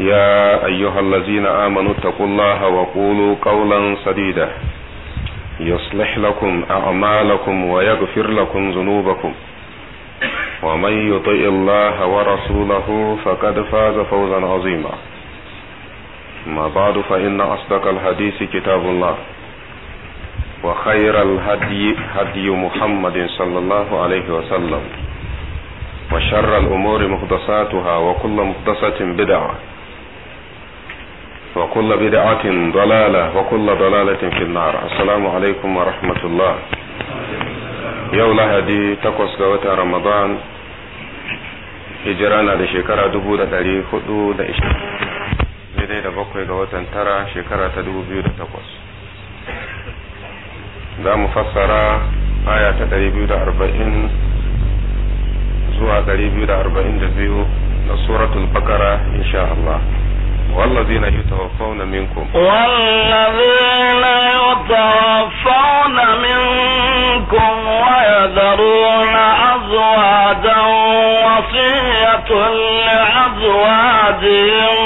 يا أيها الذين آمنوا اتقوا الله وقولوا قولا سديدا يصلح لكم أعمالكم ويغفر لكم ذنوبكم ومن يطع الله ورسوله فقد فاز فوزا عظيما ما بعد فإن أصدق الحديث كتاب الله وخير الهدي هدي محمد صلى الله عليه وسلم وشر الأمور محدثاتها وكل محدثة بدعة وكل بدعة ضلالة وكل ضلالة في النار السلام عليكم ورحمة الله يوم لهدي تقص قوة رمضان hijira na da shekara dubu da ɗari hudu da ishirin daidai da bakwai ga watan tara shekara ta dubu biyu da takwas za mu fassara aya ta ɗari biyu da arba'in zuwa ɗari biyu da arba'in da biyu da suratul bakara insha Allah. والذين يتوفون منكم والذين يتوفون منكم ويذرون أزواجا وصية لأزواجهم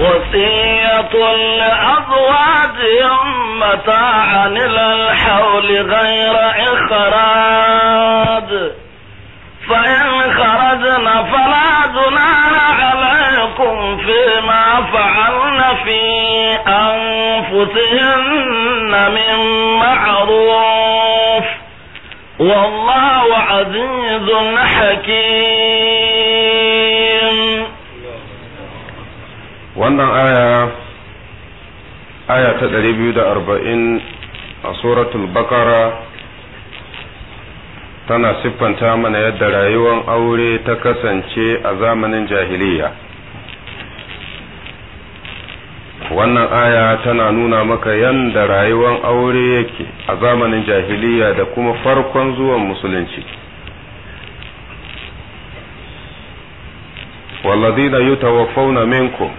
وصية لأزواجهم متاعا إلى الحول غير إخراج فإن خرجنا فلا جنان عليكم فيما فعلن في أنفسهن من معروف والله عزيز حكيم وانا آية آية ta أربعين a سورة البقرة tana siffanta mana yadda rayuwar aure ta kasance a zamanin jahiliya wannan aya tana nuna maka yadda rayuwar aure yake a zamanin jahiliya da kuma farkon zuwan musulunci والذين يتوفون منكم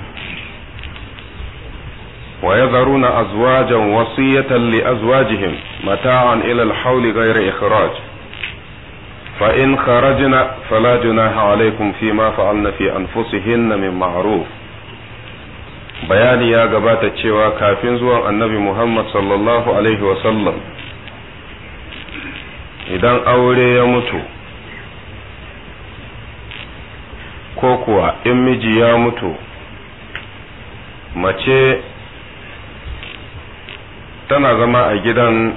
ويذرون أزواجا وصية لأزواجهم متاعا إلى الحول غير إخراج فإن خرجنا فلا جناح عليكم فيما فعلنا في أنفسهن من معروف bayani ya gabata cewa kafin zuwa annabi Muhammad sallallahu idan aure ya mutu ko kuwa in miji ya mutu mace tana zama a gidan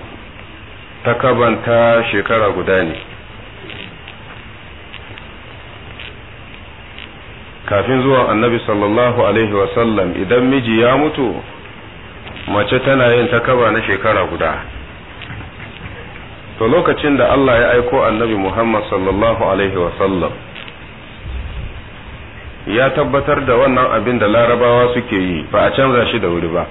takabanta shekara guda ne kafin zuwa annabi sallallahu alaihi wasallam idan miji ya mutu mace tana yin takaba na shekara guda to lokacin da Allah ya aiko annabi Muhammad sallallahu alaihi wasallam ya tabbatar da wannan abin da larabawa suke yi ba a canza shi da wuri ba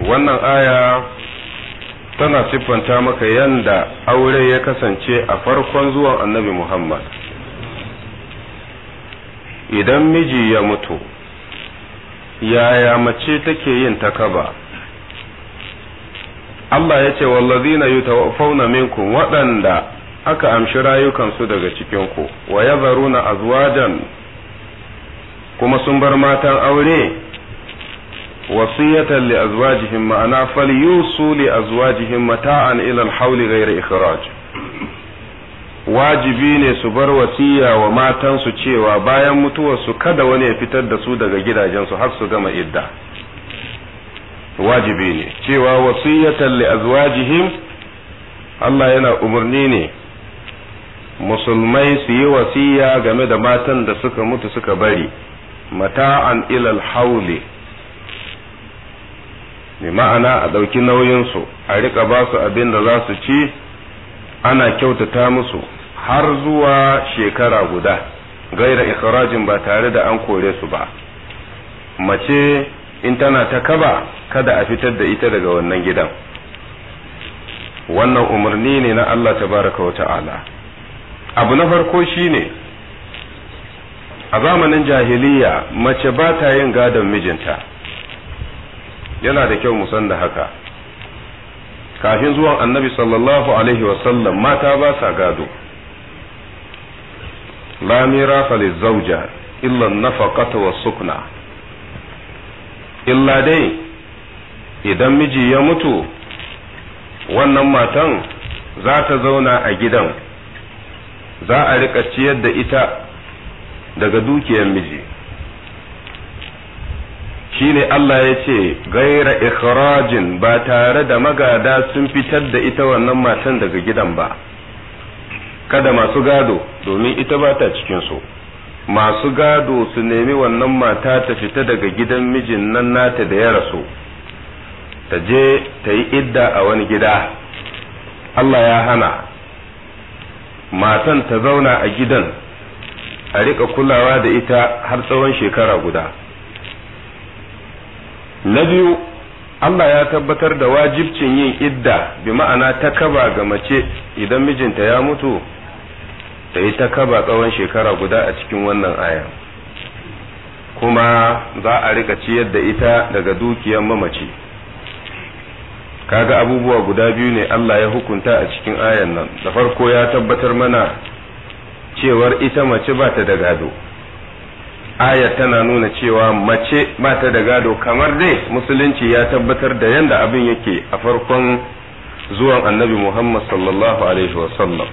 wannan aya tana siffanta maka yanda aure ya kasance a farkon zuwan annabi Muhammad idan miji ya mutu yaya mace take yin takaba Allah ya ce wallazina yutawaffawna minkum waɗanda aka amshi rayukansu daga cikinku wa wayazaruna azwajan kuma sun bar matan aure wasiyatan li azwajihim ma'ana falyusu li azwajihim mata'an ila al-hawli wajibi ne su bar wasiya wa matansu cewa bayan mutuwarsu kada wani ya fitar da su daga gidajensu har su gama idda wajibi ne cewa wasiyatan li azwajihim Allah yana umarni ne musulmai su yi wasiya game da matan da suka mutu suka bari mata'an ilal hauli mai ma'ana a ɗauki nauyinsu a rika ba su abin da za su ci ana kyautata musu har zuwa shekara guda gaira ikhrajin ba tare da an kore su ba mace in tana ta kaba kada a fitar da ita daga wannan gidan wannan umarni ne na Allah tabaraka wa ta'ala abu na farko shine a zamanin jahiliya mace ba ta yin gadon mijinta yana da kyau mu da haka kafin zuwan annabi sallallahu alaihi wasallam mata ba sa gado la mirafa zauja illa nafaqata wa sukna illa dai idan miji ya mutu wannan matan za ta zauna a gidan za a rika ciyar da ita daga dukiyar miji shine Allah ya ce gaira ikhrajin ba tare da magada sun fitar da ita wannan matan daga gidan ba kada masu gado domin ita ba ta cikinsu masu gado su nemi wannan mata ta fita daga gidan mijin nan nata da ya rasu ta je ta yi idda a wani gida Allah ya hana matan ta zauna a gidan a riƙa kulawa da ita har tsawon shekara guda na biyu Allah ya tabbatar da wajibcin yin idda bi ma'ana ta kaba ga mace idan mijinta ya mutu ta yi ta kaba tsawon shekara guda a cikin wannan aya kuma za a rika ciyar da ita daga dukiyar mamaci kaga abubuwa guda biyu ne Allah ya hukunta a cikin ayan nan da farko ya tabbatar mana cewar ita mace ba ta da gado aya tana nuna cewa mace ba ta da gado kamar dai musulunci ya tabbatar da yanda abin yake a farkon zuwan annabi muhammad sallallahu alaihi wasallam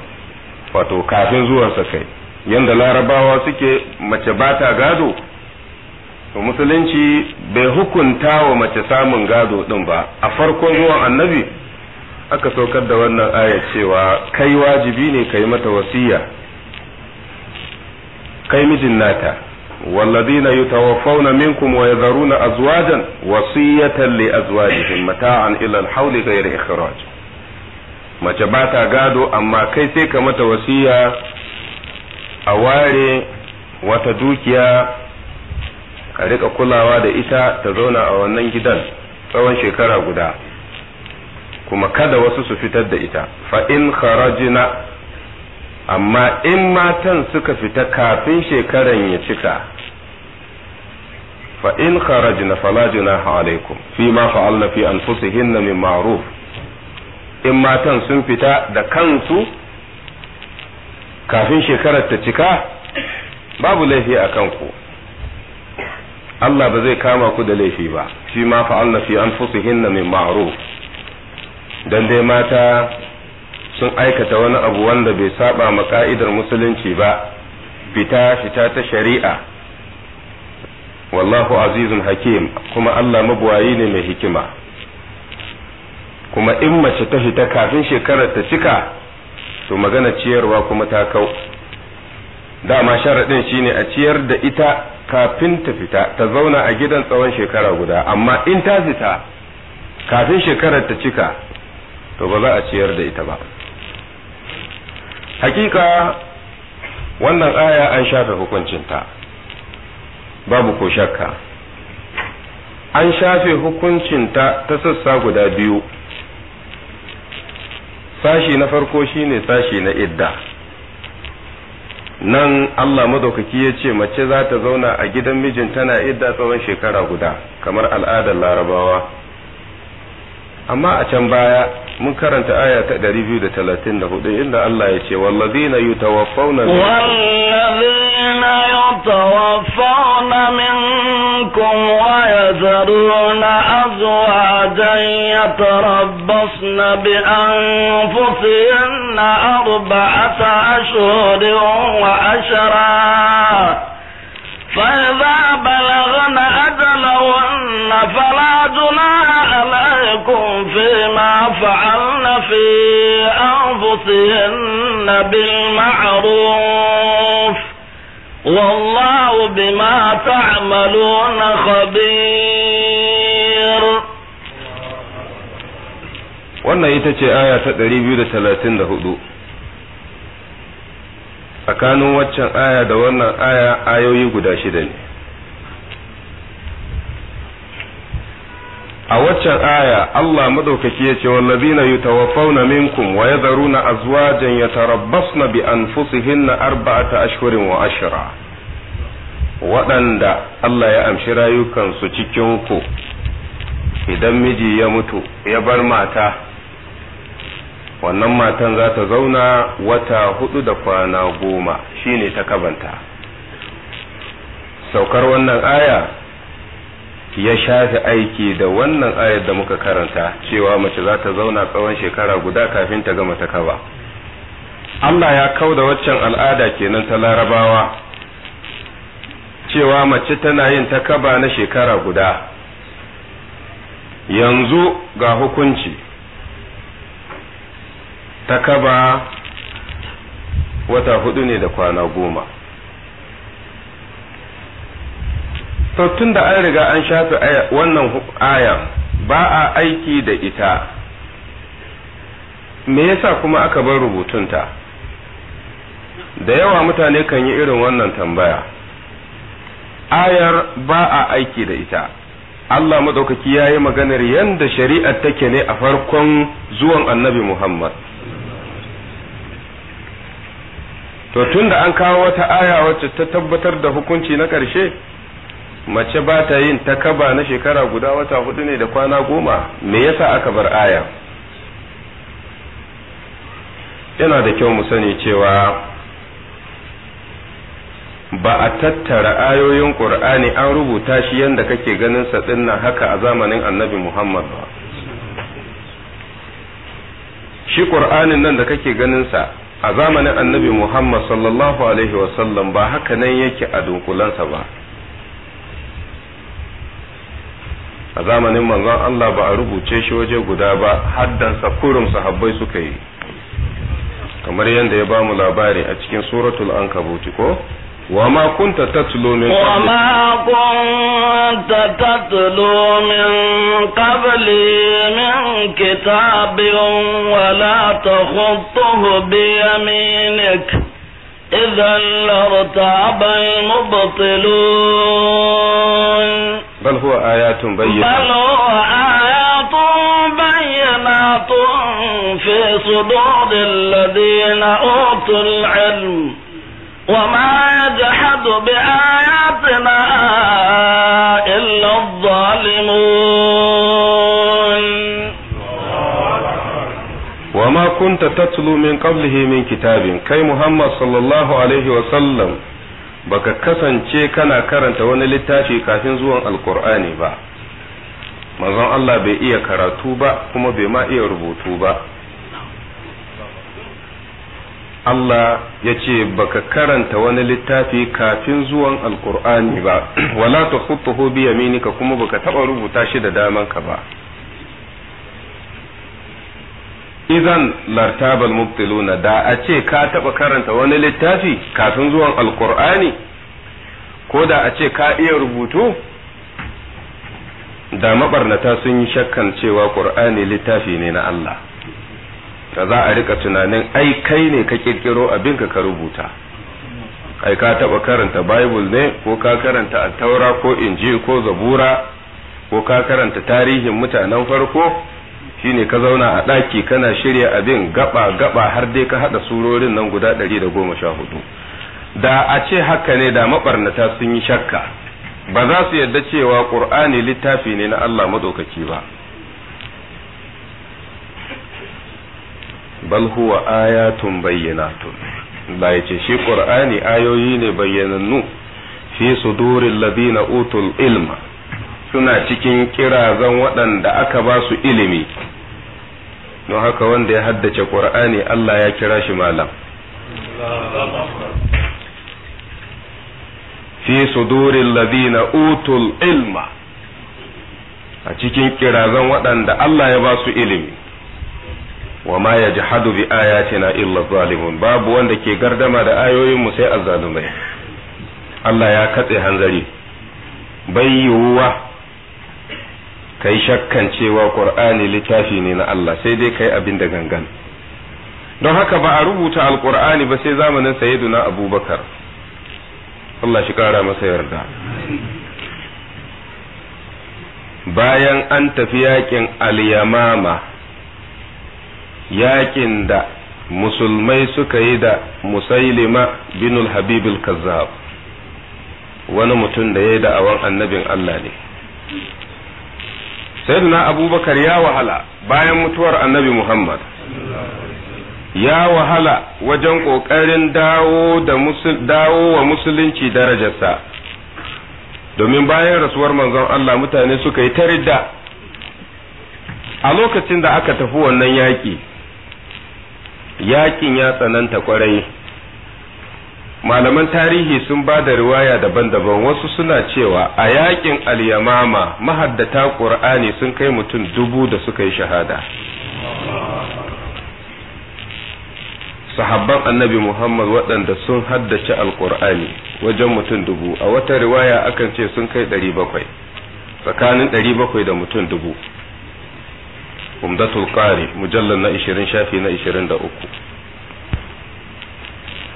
wato kafin zuwansa kai yanda larabawa suke mace ba ta gado to musulunci bai hukunta wa mace samun gado din ba a farkon zuwan annabi aka saukar da wannan aya cewa kai wajibi ne ka yi mata wasiya kai mijin nata na والذين يتوفون منكم ويذرون أزواجا وصية لأزواجهم متاعا إلى الحول غير إخراج mace ba ta gado amma kai sai ka mata wasiya a ware wata dukiya Ka rika kulawa da ita ta zauna a wannan gidan tsawon shekara guda kuma kada wasu su fitar da ita fa'in in kharajina amma in matan suka fita kafin shekaran ya cika fa in kharajna fala junaha alaikum fi ma fa'alna fi anfusihinna min ma'ruf in matan sun fita da kansu kafin shekarar ta cika babu laifi a kanku Allah ba zai kama ku da laifi ba fi ma fa'alna fi anfusihinna min ma'ruf dan dai mata sun aikata wani abu wanda bai saba ma ka'idar musulunci ba fita fita ta shari'a wallahu azizun hakim kuma Allah mabuwayi ne mai hikima kuma in mace ta fita kafin shekarar ta cika to magana ciyarwa kuma ta kau dama sharaɗin shine a ciyar da ita kafin ta fita ta zauna a gidan tsawon shekara guda amma in ta fita kafin shekarar ta cika to ba za a ciyar da ita ba hakika wannan aya an shafe hukuncinta babu ko shakka an shafe hukuncinta ta sassa guda biyu sashi na farko shine sashi na idda nan Allah madaukaki ya ce mace za ta zauna a gidan mijin tana idda tsawon shekara guda kamar al'adar larabawa amma a can baya mun karanta aya ta 234 inda Allah ya ce wallazina yutawaffawna wallazina yutawaffawna minkum wa yazaruna azwajan yatarabbasna bi anfusihinna arba'ata ashhurin wa ashara فإذا بلغن أجلهن فلا جناح عليكم فيما فعلن في أنفسهن بالمعروف والله بما تعملون خبير wannan ita ce aya ta 234 tsakanin waccan aya da wannan aya ayoyi guda shida ne a waccan aya Allah madaukaki ya ce wallazina yutawaffawna minkum wa yadharuna azwajan yatarabbasna bi anfusihinna arba'ata ashhurin wa ashra waɗanda Allah ya amshi rayukansu cikin ku idan miji ya mutu ya bar mata wannan matan za ta zauna wata hudu da kwana goma shine ta kabanta saukar wannan aya ya shafi aiki da wannan ayar da muka karanta cewa mace za ta zauna tsawon shekara guda kafin ta gama ta kaba Allah ya kau da waccan al'ada kenan ta larabawa cewa mace tana yin ta kaba na shekara guda yanzu ga hukunci ta kaba wata hudu ne da kwana goma to tun da an riga an shafe wannan aya ba a aiki da ita me yasa kuma aka bar rubutunta da yawa mutane kan yi irin wannan tambaya ayar ba a aiki da ita Allah madaukaki ya yi maganar yadda shari'ar take ne a farkon zuwan annabi Muhammad to da an kawo wata aya wacce ta tabbatar da hukunci na ƙarshe mace ba ta yin takaba na shekara guda wata hudu ne da kwana goma me yasa aka bar aya yana da kyau mu sani cewa ba a tattara ayoyin ƙur'ani an rubuta shi yadda kake ganin sa dinnan haka a zamanin annabi muhammad ba shi ƙur'anin nan da kake ganin sa a zamanin annabi Muhammad sallallahu Alaihi wasallam ba haka nan yake a dunkulansa ba a zamanin manzon Allah ba a rubuce shi waje guda ba haddansa kurum sahabbai suka yi kamar yadda ya ba mu labari a cikin suratul ankabuti ko وما كنت تتلو من قبل وما كنت تتلو من قبلي من كتاب ولا تخطه بيمينك إذا لارتاب المبطلون بل هو آيات بينات بل هو آيات بينات في صدور الذين أوتوا العلم وما يجحد بآياتنا إلا الظالمون وما كنت تتلو من قبله من كتاب كي محمد صلى الله عليه وسلم baka kasance kana karanta wani littafi kafin zuwan alkur'ani ba manzon Allah bai iya karatu ba kuma bai ma iya rubutu ba Allah ya ce ba ka karanta wani littafi kafin zuwan alkur'ani ba wala ta hutu bi yaminika kuma baka taɓa rubuta shi da damanka ba Izan lartabal mubtiluna da a ce ka taɓa karanta wani littafi kafin zuwan alkur'ani ko da a ce ka iya rubutu da mabarnata sun yi shakkan cewa ƙur'ani littafi ne na Allah Ka za a rika tunanin ai kai ne ka kirkiro abin ka ka rubuta ai ka taba karanta bible ne ko ka karanta Altaura, ko inji ko zabura ko ka karanta tarihin mutanen farko shine ka zauna a ɗaki kana shirya abin gaba gaba har dai ka hada surorin nan guda ɗari da goma sha hudu da a ce haka ne da maɓarnata sun yi shakka ba za su yarda cewa ƙur'ani littafi ne na Allah maɗaukaki ba bal huwa ayatun bayyinatun Allah yace shi qur'ani ayoyi ne bayyanannu fi suduril ladina utul ilma suna cikin kirazan waɗanda aka ba su ilimi don haka wanda ya haddace qur'ani Allah ya kira shi malam fi suduril ladina utul ilma a cikin kirazan waɗanda Allah ya ba su ilimi wa ma yajhadu bi ayatina illa zalimun babu wanda ke gardama da ayoyin mu sai azzalumai Allah ya katse hanzari bai yiwuwa kai shakkan cewa Qur'ani littafi ne na Allah sai dai kai abinda da gangan don haka ba a rubuta alqur'ani ba sai zamanin sayyiduna abubakar Allah shi kara masa yarda bayan an tafi yakin al-yamama yakin da musulmai suka yi da musailima binul habibul kazzab wani mutum da ya yi da'awan annabin Allah ne sayyidina abubakar ya wahala bayan mutuwar annabi muhammad ya wahala wajen ƙoƙarin dawo da dawo wa musulunci darajarsa domin bayan rasuwar manzon Allah mutane suka yi ta ridda a lokacin da aka tafi wannan yaƙi yakin ya tsananta kwarai malaman tarihi sun ba da riwaya daban-daban wasu suna cewa a yakin al'yamama yamama mahaddata qur'ani sun kai mutum dubu da suka yi shahada sahabban annabi muhammad waɗanda sun haddace alkur'ani wajen mutum dubu a wata riwaya akan ce sun kai ɗari tsakanin ɗari bakwai da mutum dubu umdatul qari mujallal na 20 shafi na 23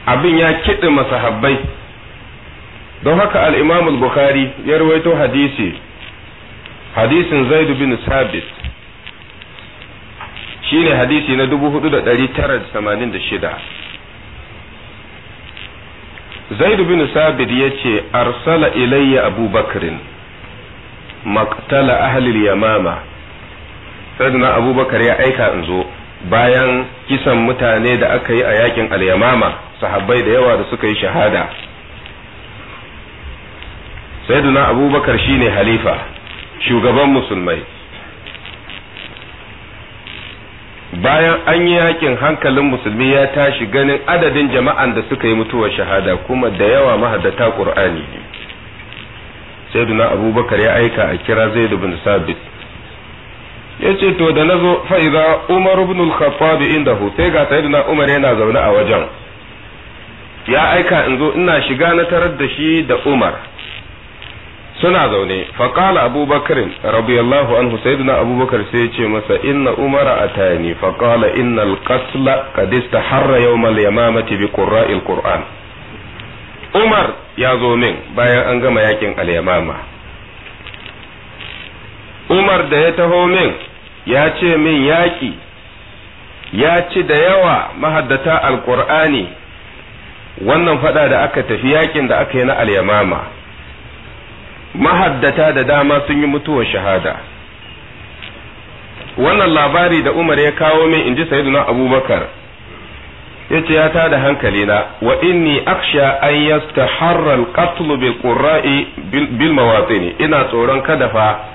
abin ya kiɗi masahabbai don haka al-imam al-bukhari ya rawaito hadisi hadisin zaid bin sabit shine hadisi na 4986 zaid bin sabit yace arsala ilayya abubakrin maqtala ahli al-yamama sayyidina abubakar ya aika in zo bayan kisan mutane da aka yi a yakin alyamama sahabai sahabbai da yawa da suka yi shahada sayyidina abubakar shine halifa shugaban musulmai bayan an yi yakin hankalin musulmi ya tashi ganin adadin jama'an da suka yi mutuwar shahada kuma da yawa mahaddata qur'ani sayyidina abubakar ya aika a kira zaid bin sabit yace to da nazo fa idza umar ibn al-khattab indahu sai ga sayyidina umar yana zaune a wajen ya aika in zo ina shiga na tarar da shi da umar suna zaune faƙala abubakarin radiyallahu anhu sayyidina abubakar sai ce masa inna umara atani faƙala innal qatla qad istaharra al yamamati bi al qur'an umar ya zo min bayan an gama yakin al-yamama umar da ya taho min ya ce min yaƙi ya ci da yawa mahaddata alƙur'ani wannan faɗa da aka tafi yaƙin da aka yi na alyamama mahaddata da dama sun yi mutuwar shahada wannan labari da umar ya kawo min in ji sayiduna abubakar ya ce ya tada na wa inni aksha an yasta al-qatl bil qurra'i bil mawatini ina tsoron kada fa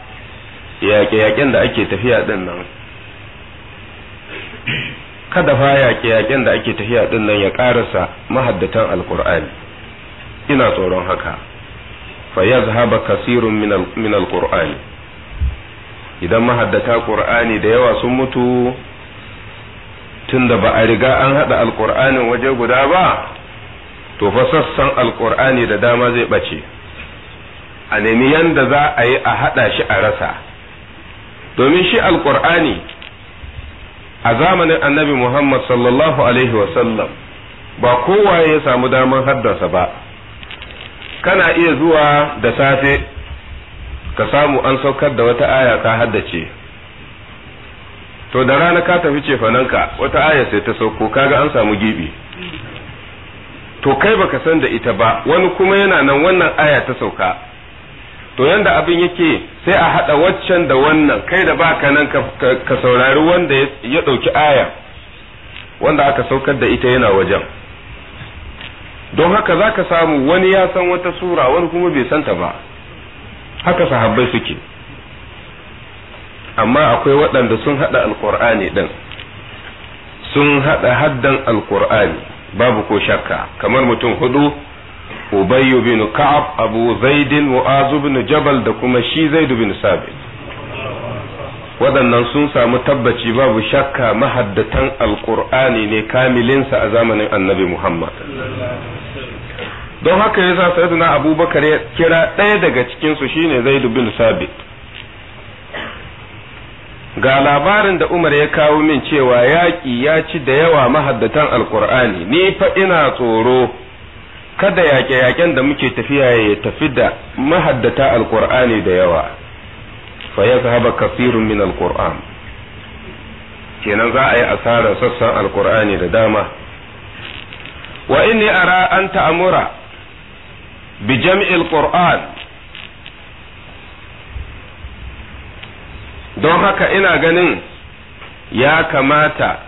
yaƙe-yaƙen da ake tafiya ɗin nan kada fa yaƙe-yaƙen da ake tafiya ɗin nan ya ƙarasa mahaddatan alƙur'ani ina tsoron haka fa ya zahaba kasirun min alƙur'ani idan mahaddata ƙur'ani da yawa sun mutu tunda ba a riga an haɗa alƙur'anin waje guda ba to fa sassan alƙur'ani da dama zai ɓace a nemi yanda za a yi a haɗa shi a rasa domin shi Alƙur'ani a zamanin annabi muhammad sallallahu alaihi sallam ba kowaye ya samu damar haddasa ba kana iya zuwa da safe ka samu an saukar da wata aya ka haddace to da rana ka tafi ka wata aya sai ta sauko kaga an samu gibi to kai baka san da ita ba wani kuma yana nan wannan aya ta sauka to yanda abin yake sai a haɗa waccan da wannan kai da baka nan ka saurari wanda ya ɗauki aya wanda aka saukar da ita yana wajen don haka za ka samu wani ya san wata sura wani kuma bai santa ba haka sahabbai suke amma akwai waɗanda sun haɗa alƙur'ani ɗin sun haɗa haddan alƙur'ani babu ko shakka kamar mutum hudu ubayyu bin ka'ab abu zaidin mu'azu jabal da kuma shi zaidu bin sabit waɗannan sun samu tabbaci babu shakka mahaddatan alƙur'ani ne kamilinsa a zamanin annabi muhammad don haka yasa sayyiduna abubakar ya kira ɗaya daga cikinsu shine zaidu bin sabit ga labarin da umar ya kawo min cewa yaƙi ya ci da yawa mahaddatan alƙur'ani ni fa ina tsoro kada yaƙe-yaƙen da muke tafiya ya tafi da mahaddata alƙur'ani da yawa fa ya zahaba kasirun min alƙur'an kenan za a yi asarar sassan alƙur'ani da dama wa inni ara an ta'amura bi jam'il qur'an don haka ina ganin ya kamata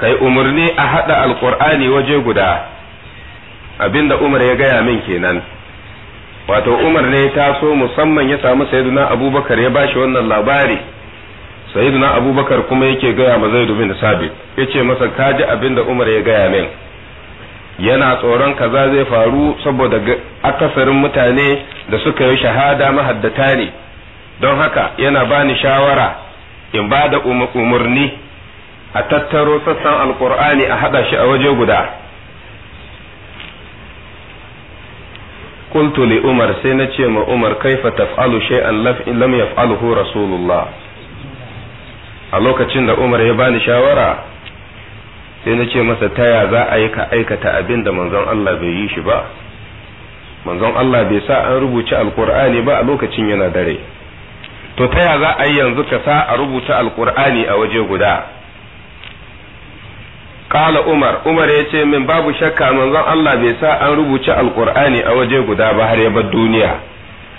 kai umarni a haɗa alƙur'ani waje guda abinda Umar ya gaya min kenan wato Umar ne ta so musamman ya samu sayyiduna Abubakar ya bashi wannan labari sayyiduna Abubakar kuma yake gaya ma Zaid bin Sabit yace masa ka kaji abinda Umar ya gaya min yana tsoron kaza zai faru saboda akasarin mutane da suka yi shahada mahaddata ne don haka yana bani shawara in ba da umarni a tattaro sassan alkur'ani a haɗa shi a waje guda qultu umar sai na ma umar kaifa taf'alu shay'an lam yaf'aluhu rasulullah a lokacin da umar ya bani shawara sai na ce masa taya za a yi ka aikata abin da manzon Allah bai yi shi ba manzon Allah bai sa an rubuce alkur'ani ba a lokacin yana dare to taya za a yi yanzu ka sa a rubuta alkur'ani a waje guda Kala Umar, Umar ya ce min babu shakka manzon Allah bai sa an rubuce alkur'ani a waje guda ba har ya bar duniya.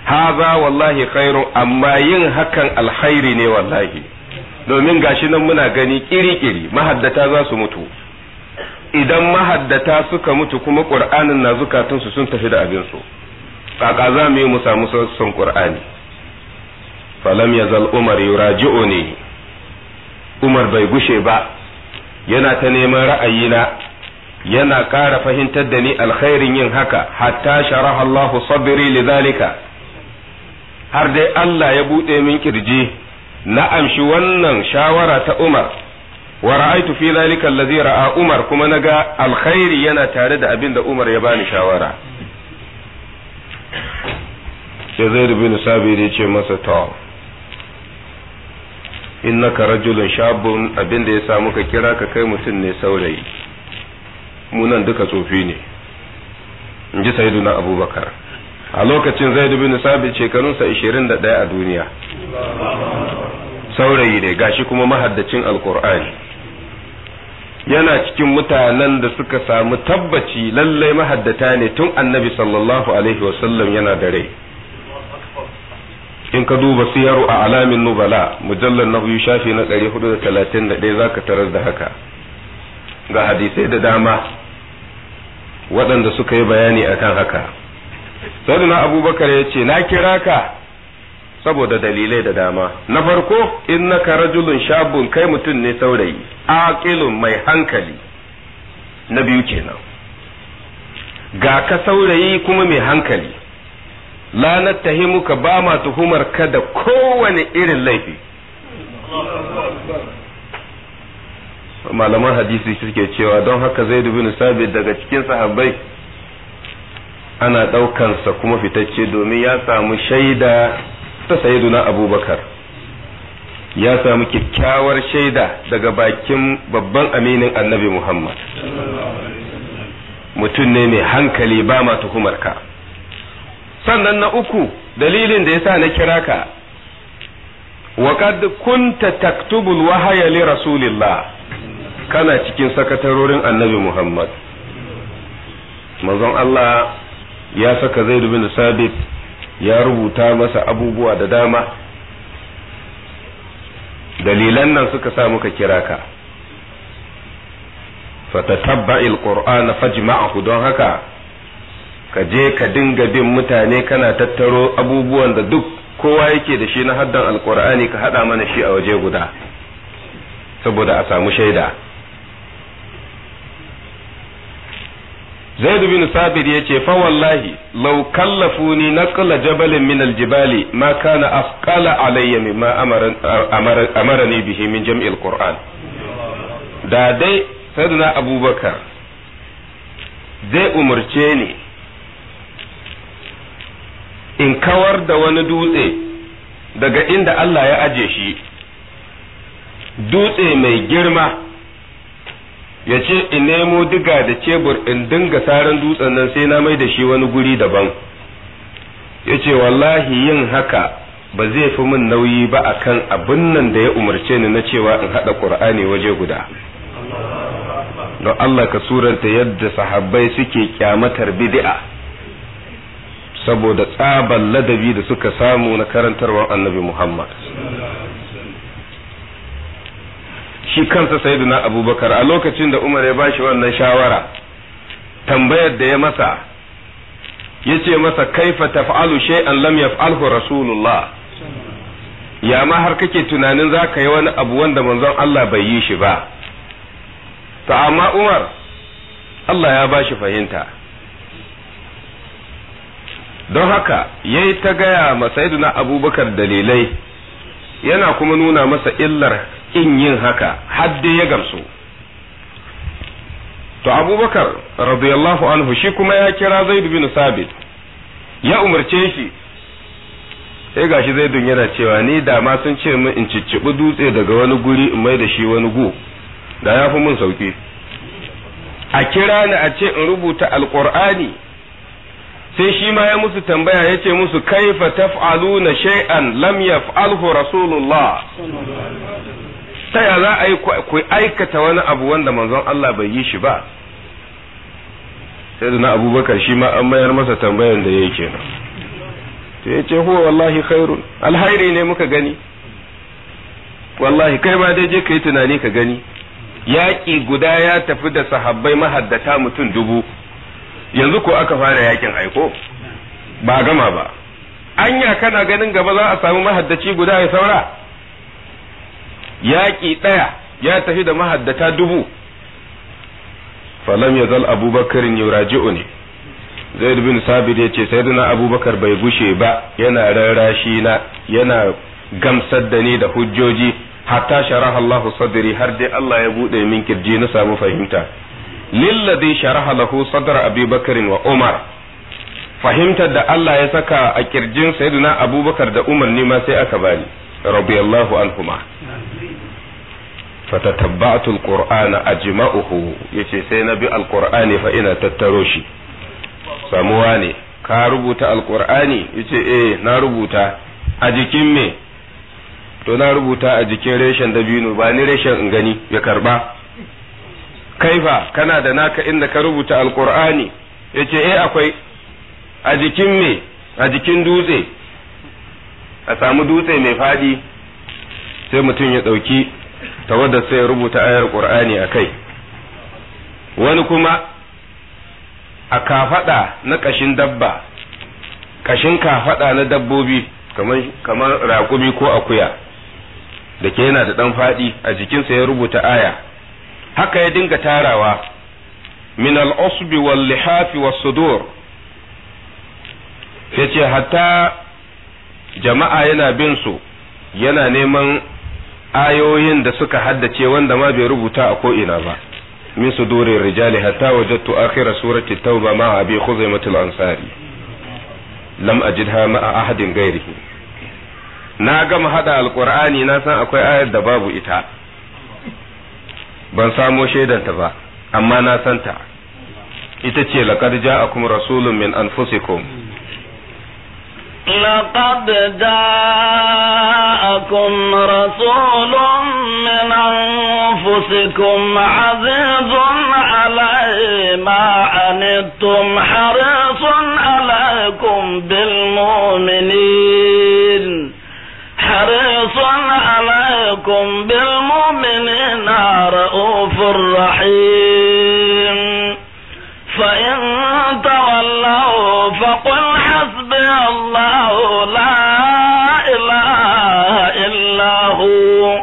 Haza wallahi kairu amma yin hakan alkhairi ne wallahi. Domin gashi nan muna gani kiri-kiri mahaddata za su mutu. Idan mahaddata suka mutu kuma ƙur'anin na zukatunsu sun tafi da abinsu. Kaka za mu yi mu samu sassan ƙur'ani. Falam yazal Umar ne. Umar bai gushe ba yana ta neman ra'ayina yana ƙara fahimtar da ni alkhairin yin haka hatta sharaha Allahu sabri lidhalika har dai Allah ya bude min kirji na amshi wannan shawara ta Umar wa ra'aytu fi dhalika allazi ra'a Umar kuma naga alkhairi yana tare da abin da Umar ya bani shawara sai zai bin sabiri ce masa ta innaka rajulun shabun abin da ya sa muka kira ka kai mutum ne saurayi munan duka tsofi ne in ji na abubakar a lokacin zaidu bin sabit shekarunsa 21 a duniya saurayi ne gashi kuma mahaddacin alkur'ani yana cikin mutanen da suka samu tabbaci lallai mahaddata ne tun annabi sallallahu alaihi wasallam yana da rai in ka duba siyaru a alamin nubala mujallar na biyu shafi na 431 za ka tarar da haka ga hadisai da dama waɗanda suka yi bayani akan haka Sadina abubakar ya ce na kira ka saboda dalilai da dama na farko in innaka rajulun shabun kai mutum ne saurayi ƙilin mai hankali na biyu kenan ga ka saurayi kuma mai hankali la nattahimuka ba ma tuhumar ka da kowane irin laifi malaman hadisi suke cewa don haka zai dubi nisabi daga cikin sahabbai ana ɗaukansa kuma fitacce domin ya samu shaida ta sayiduna abubakar ya samu kyakkyawar shaida daga bakin babban aminin annabi muhammad mutum ne mai hankali ba ma tuhumar ka. sannan na uku dalilin da yasa na kira ka wa kun kunta taktubul wahaya li rasulillah kana cikin sakatarorin annabi Muhammad manzon Allah ya saka Zaid bin Sabit ya rubuta masa abubuwa da dama dalilan nan suka sa muka kira ka fatatabba alqur'ana fajma'ahu don haka ka je ka dinga bin mutane kana tattaro abubuwan da duk kowa yake da shi na haddan alkur'ani ka hada mana shi a waje guda saboda a samu shaida zaid bin sabir yace fa wallahi law kallafuni naqla jabalin min aljibali ma kana afqala alayya mimma amara amarani bihi min jam'il qur'an da dai sayyidina abubakar zai umarce ni in kawar da wani dutse daga inda Allah ya aje shi dutse mai girma ya ce in nemo diga da cebur in dinga saran dutsen nan sai na mai da shi wani guri daban ya ce wallahi yin haka ba zai fi min nauyi ba a kan abin nan da ya umarce ni na cewa in haɗa ƙur'ani waje guda don Allah ka suranta yadda sahabbai suke kyamatar bid'a saboda tsaban ladabi da suka samu na karantarwar annabi Muhammad shi kansa sayyidina abubakar a lokacin da umar ya bashi wannan shawara tambayar da ya masa ya ce masa kaifa taf'alu shay'an lam yaf'alhu rasulullah ya ma har kake tunanin za ka yi wani abu wanda manzon Allah bai yi shi ba to amma umar Allah ya bashi fahimta don haka ya yi ta gaya masa na abubakar dalilai yana kuma nuna masa illar in yin haka hadde ya gamsu to abubakar radiyallahu anhu shi kuma ya kira zaid bin sabit ya umarce shi sai gashi zaidun yana cewa ni da ma sun ce min in ciccibi dutse daga wani guri in mai da shi wani gu da ya fi mun sauki a kira ni a ce in rubuta alqur'ani sai shi ma ya musu tambaya ya ce musu kaifa taf'aluna shay'an lam yaf'alhu rasulullah ta ya za a yi ku aikata wani abu wanda manzon Allah bai yi shi ba sai na abubakar shi ma an mayar masa tambayan da yake kenan to ya ce huwa wallahi khairun alhairi ne muka gani wallahi kai ma dai je ka yi tunani ka gani yaƙi guda ya tafi da sahabbai mahaddata mutum dubu yanzu ko aka fara yakin aiko ba gama ba anya kana ganin gaba za a samu mahaddaci guda ya saura yaƙi ɗaya ya tafi da mahaddata dubu falam ya zal abubakar yuraji'u ne zaid bin sabit ya ce sayyidina abubakar bai gushe ba yana rarrashi na yana gamsar da ni da hujjoji hatta sharaha Allah sadri har dai Allah ya bude min kirji na samu fahimta lilladhi sharaha lahu sadra abi bakarin wa umar fahimtar da Allah ya saka a kirjin sayyidina abubakar da umar ne ma sai aka bani radiyallahu anhuma fatatabba'tu alqur'ana ajma'uhu yace sai na bi alqur'ani fa ina tattaro shi samuwa ne ka rubuta alqur'ani yace eh na rubuta a jikin me to na rubuta a jikin reshen dabino ba ni reshen in gani ya karba kaifa kana da naka inda ka rubuta alkur'ani ya ce eh akwai a jikin me a jikin dutse a samu dutse mai fadi sai mutum ya dauki tawadda sai ya rubuta ayar qur'ani akai wani kuma a kafada na kashin dabba kashin kafada na dabbobi kamar kamar raƙumi ko akuya da ke yana da ɗan fadi a jikinsa ya rubuta aya haka ya dinga tarawa min al'usbi wal lihafi was sudur yace hatta jama'a yana bin su yana neman ayoyin da suka haddace wanda ma bai rubuta a ko ina ba min sudurin rijali hatta wajadtu akhira surati tauba ma abi khuzaimatul ansari lam ajidha ma ahadin gairihi na gama hada alqur'ani na san akwai ayar da babu ita ban samo shaidanta ba amma na santa ita ce laqad ja'akum rasulun min anfusikum لقد جاءكم رسول من أنفسكم عزيز عليه ما عنتم حريص عليكم بالمؤمنين حريص عليكم بالمؤمنين رؤوف رحيم فإن تولوا فقل حسبي الله لا إله إلا هو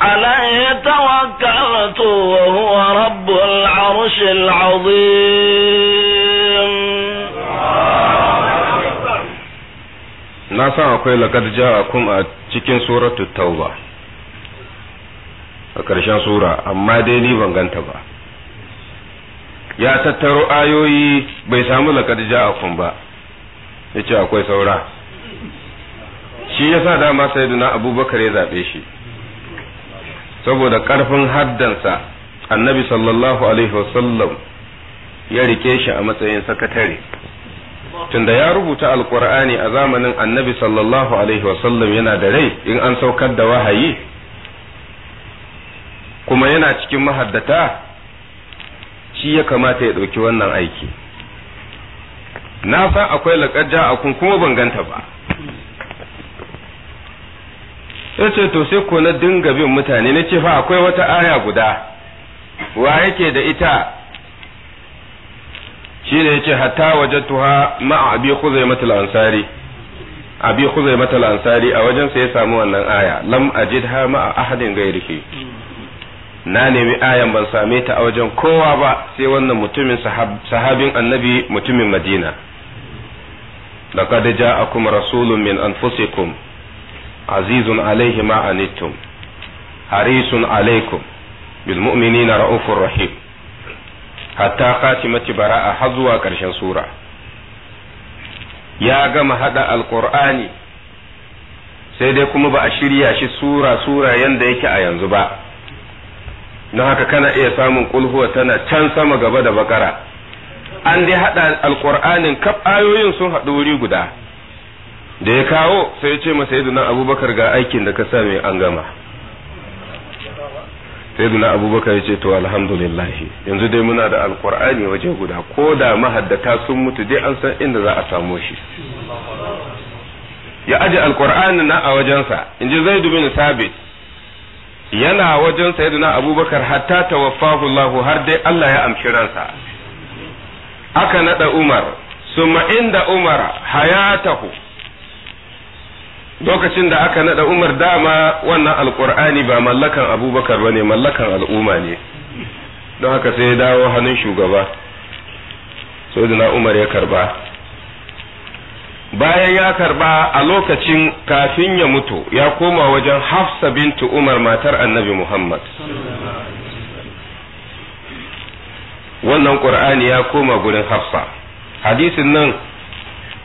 عليه توكلت وهو رب العرش العظيم na san akwai lagad ja a cikin suratu tauba a ƙarshen sura amma dai ni ban ganta ba ya tattaro ayoyi bai samu a kun ba ya ce akwai saura shi ya sa dama sai duna abubakar ya zaɓe shi saboda ƙarfin haddansa annabi sallallahu alaihi wasallam ya rike shi a matsayin sakatare tunda ya rubuta alkur'ani a zamanin annabi sallallahu alaihi wasallam yana da rai in an saukar da wahayi kuma yana cikin mahaddata shi ya kamata ya ɗauki wannan aiki na san akwai laƙajja a kun kuma ban ganta ba yace to sai ko na dinga bin mutane nace fa akwai wata aya guda wa yake da ita shine yace hatta wajatuha ma abi khuzaimah al-ansari abi khuzaimah al-ansari a wajen sa ya samu wannan aya lam ajidha ma ahadin ghairihi na nemi ayan ban same ta a wajen kowa ba sai wannan mutumin sahabin annabi mutumin madina laqad ja'akum rasulun min anfusikum azizun alayhi ma anittum harisun alaikum bil mu'minina raufur rahim hatta khatimati bara'a har zuwa ƙarshen sura ya gama hada alqur'ani sai dai kuma ba a shirya shi sura sura yanda yake a yanzu ba na haka kana iya samun kulhuwa tana can sama gaba da bakara an dai hada alqur'anin kaf ayoyin sun haɗu wuri guda da ya kawo sai ya ce masa yadda abubakar ga aikin da ka sa mai an gama sayyidina abubakar ya ce to alhamdulillah yanzu dai muna da alkur'ani waje guda ko da mahaddata sun mutu dai an san inda za a samo shi ya aje alkur'ani na a wajensa in ji zaid bin sabit yana wajen sayyidina abubakar hatta tawaffahu Allah har dai Allah ya amshi ransa aka nada umar summa inda umar hayatahu lokacin da aka nada Umar dama wannan alkur'ani ba mallakan Abubakar ba ne mallakan al'umma ne don haka sai ya dawo hannun shugaba na Umar ya karba bayan ya karba a lokacin kafin ya mutu ya koma wajen Hafsa bintu Umar matar Annabi Muhammad wannan Qur'ani ya koma gurin Hafsa hadisin nan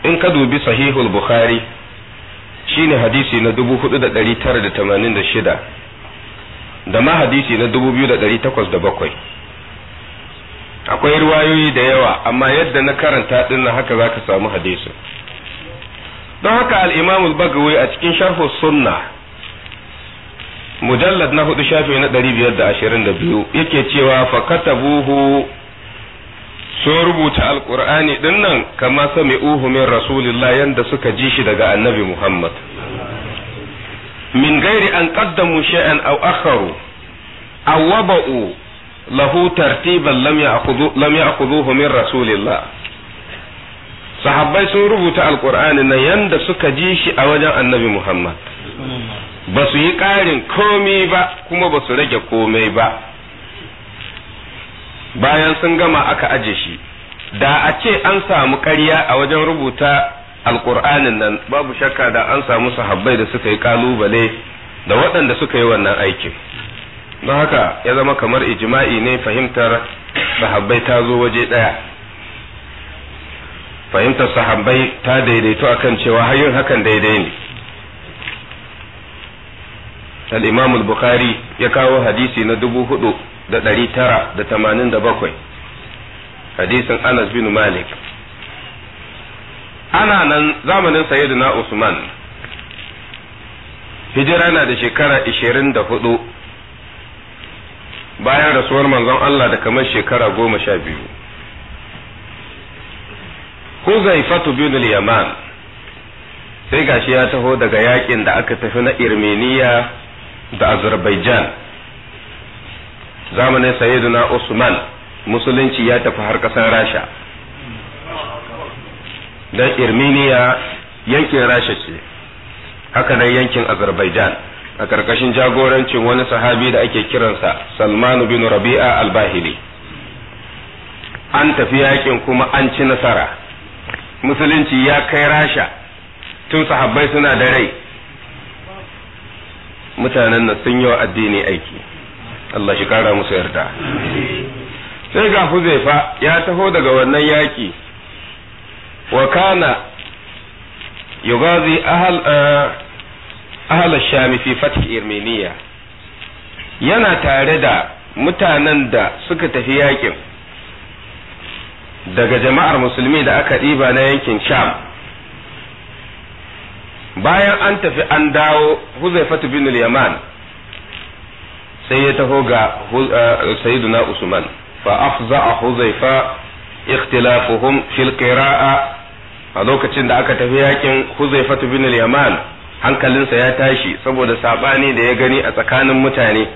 in ka dubi sahihul Bukhari shine hadisi na 4986 da ma hadisi na 2807 akwai riwayoyi da yawa amma yadda na karanta din haka haka ka samu hadisi. don haka al Bagawe a cikin sharhu sunna mujallad na hudu shafi na 522 yake cewa fa katabuhu sun rubuta alkur'ani din nan kama sami uhu min rasulillah yanda suka ji shi daga annabi muhammad min gairi an qaddamu shay'an aw akharu aw waba'u lahu tartiban lam ya'khudhu lam ya'khudhuhu min rasulillah sahabbai sun rubuta alkur'ani nan yanda suka ji shi a wajen annabi muhammad ba su yi ƙarin komai ba kuma basu rage komai ba bayan sun gama aka aje shi da a ce an samu ƙarya a wajen rubuta alƙur'anin nan babu shakka da an samu sahabbai da suka yi kalubale da waɗanda suka yi wannan aikin don haka ya zama kamar ijma'i ne fahimtar sahabbai ta zo waje ɗaya fahimtar sahabbai ta daidaito akan cewa hayin hakan daidai ne al-imam al-bukhari ya kawo hadisi na dubu hudu da ɗari tara da tamanin da bakwai hadisin anas bin malik ana nan zamanin sayyidina usman hijira na da shekara ishirin da hudu bayan rasuwar manzon Allah da kamar shekara goma sha biyu huzaifatu bin al-yaman sai gashi ya taho daga yakin da aka tafi na irminiya da Azerbaijan zamanin Sayyiduna Usman musulunci ya tafi har kasar Rasha don Irminiya yankin Rasha ce haka nan yankin Azerbaijan a ƙarƙashin jagorancin wani sahabi da ake kiransa salman bin Rabi'a al-Bahili an tafi yakin kuma an ci nasara musulunci ya kai Rasha tun sahabbai suna da rai mutanen nan sun yi wa addini aiki Allah shi kara musu yarda sai ga huzaifa ya taho daga wannan yaki wa kana yugazi ahal eh, ahal shami fi fatih irminiya yana tare da mutanen da suka tafi yakin daga jama'ar musulmi da aka ɗiba na yankin sham bayan an tafi an dawo huzaifatu bin yaman sai ya taho ga uh, sayyiduna usman fa afza huzaifa ikhtilafuhum fil qira'a a lokacin da aka tafi yakin huzaifatu bin yaman hankalinsa ya tashi saboda sabani da ya gani a tsakanin mutane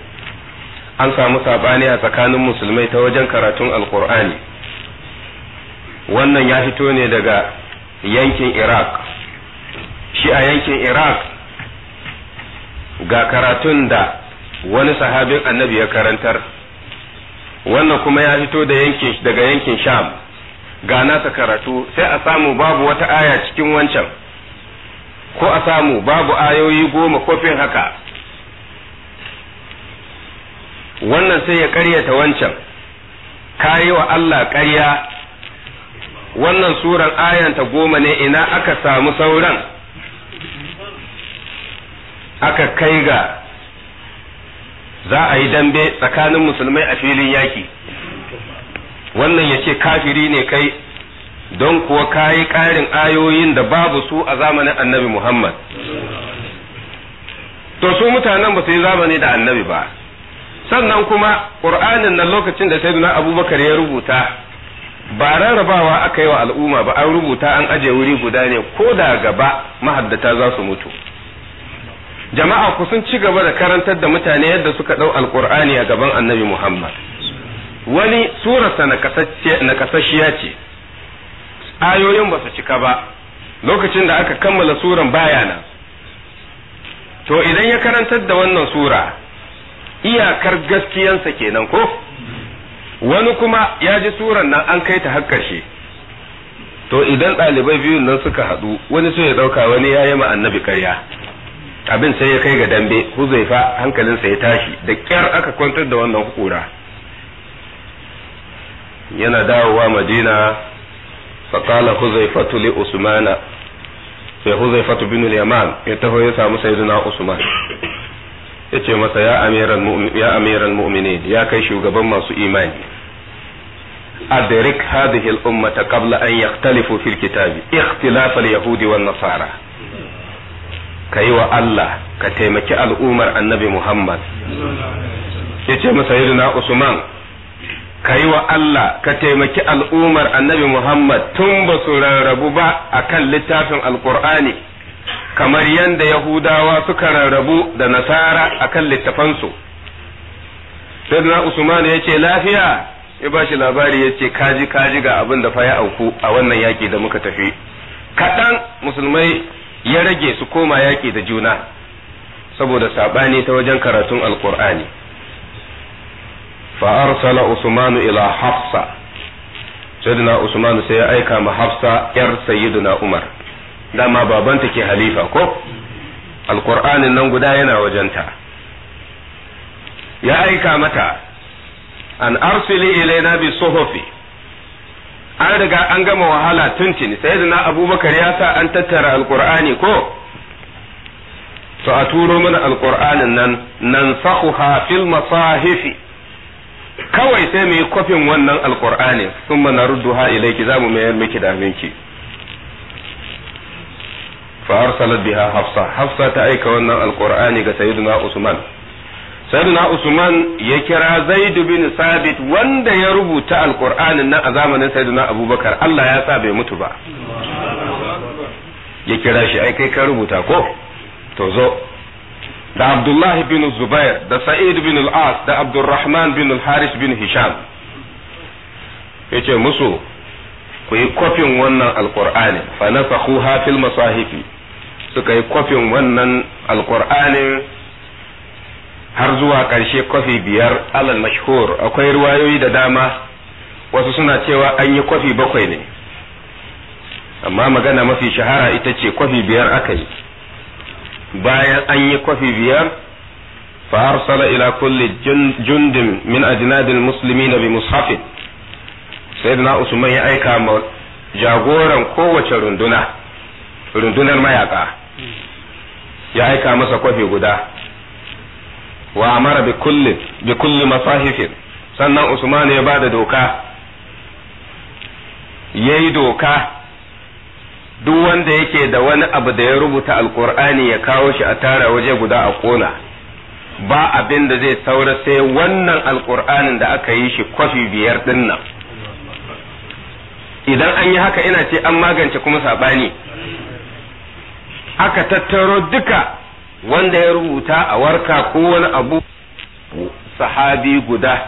an samu sabani a tsakanin musulmai ta wajen karatun alƙur'ani wannan ya fito ne daga yankin iraq shi a yankin iraq ga karatun da wani sahabin annabi ya karantar wannan kuma ya fito da yankin daga yankin sham ga nasa karatu sai a samu babu wata aya cikin wancan ko a samu babu ayoyi goma kofin haka wannan sai ya karyata wancan ka wa Allah karya wannan suran ayanta goma ne ina aka samu sauran aka kai ga za a yi dambe tsakanin musulmai a filin yaki wannan ya ce kafiri ne kai don kuwa kayi ƙarin ayoyin da babu su a zamanin annabi Muhammad. To su mutanen ba su yi zamani da annabi ba, sannan kuma ƙur'anin nan lokacin da Sayyidina Abubakar ya rubuta ba rarrabawa aka yi wa al'umma ba an rubuta an ajiye wuri guda ne ko da gaba mahaddata za su mutu. jama'a ku sun ci gaba da karantar da mutane yadda suka ɗau alkur'ani a gaban annabi muhammad wani surarsa nakasashiya ce ayoyin ba su cika ba lokacin da aka kammala suran baya to idan ya karantar da wannan sura iyakar gaskiyansa kenan ko wani kuma ya ji suran nan an kai ta har karshe to idan ɗalibai biyun nan suka haɗu wani so ya ɗauka wani ya yi ma annabi karya. abin sai ya kai ga dambe huzaifa hankalinsa ya tashi da kyar aka kwantar da wannan kura yana dawowa madina fakala huzaifatu li usmana sai huzaifatu bin yaman ya taho ya samu sayyidina usman ya ce masa ya amiran mu'minin ya kai shugaban masu imani adrik hadhihi al-ummata qabla an yaktalifu fil kitabi ikhtilaf al-yahudi wan nasara ka yi wa Allah ka taimaki al'umar annabi Muhammad ya ce masayiduna Usman ka yi wa Allah ka taimaki al'umar annabi Muhammad tun ba su rarrabu ba a kan littafin alƙur'ani kamar yadda Yahudawa suka rarrabu da nasara a kan littafansu. Sayyidina Usman ya ce lafiya ya ba shi labari ya ce kaji kaji ga abin da fa ya auku a wannan yaƙi da muka tafi. Kaɗan musulmai ya rage su koma yaƙi da juna saboda saɓani ta wajen karatun alƙur'ani fa'arsala usmanu ila hafsa sayyidina usmanu sai ya aika ma hafsa yar sayyidina umar dama babanta ke halifa ko alƙur'anin nan guda yana wajenta ya aika mata an arsili ilaina bi suhufi an riga an gama wahala tun tuntuni sayyidina abubakar ya sa an tattara alkur'ani ko to a turo mana alqur'anin nan nan sahuha fil masahifi kawai sai mu yi kofin wannan alqur'ani thumma narudduha ilaiki za mu mayar miki da minki fa arsalat biha hafsa hafsa ta aika wannan alkur'ani ga sayyidina usman sayyidina usman ya kira zaid bin sabit wanda ya rubuta alqur'anin nan a zamanin sayyidina abubakar Allah ya sa bai mutu ba ya kira shi ai ka rubuta ko to zo da abdullahi bin zubair da sa'id bin al-as da abdurrahman bin al-haris bin hisham yace musu ku yi kofin wannan al'kur'ani. fa nasakhuha fil masahifi suka yi kofin wannan al'kur'ani. har zuwa ƙarshe kwafi biyar alal mashhur akwai ruwayoyi da dama wasu suna cewa an yi kwafi bakwai ne amma magana mafi shahara ita ce kwafi biyar aka yi bayan an yi kwafi biyar فأرسل إلى كل جند من muslimin bi بمصحف sayyidina usman ya aika ma jagoran kowace runduna rundunar mayaka ya aika masa kwafi guda wa amara bi kulli bi kulli masahifin sannan usman ya bada doka yayi doka duk wanda yake da wani abu da ya rubuta alkur'ani ya kawo shi a tara waje guda a kona ba abin da zai saura sai wannan alkur'anin da aka yi shi kwafi biyar dinnan idan an yi haka ina ce an magance kuma sabani aka tattaro duka wanda ya rubuta a warka ko wani abu sahabi guda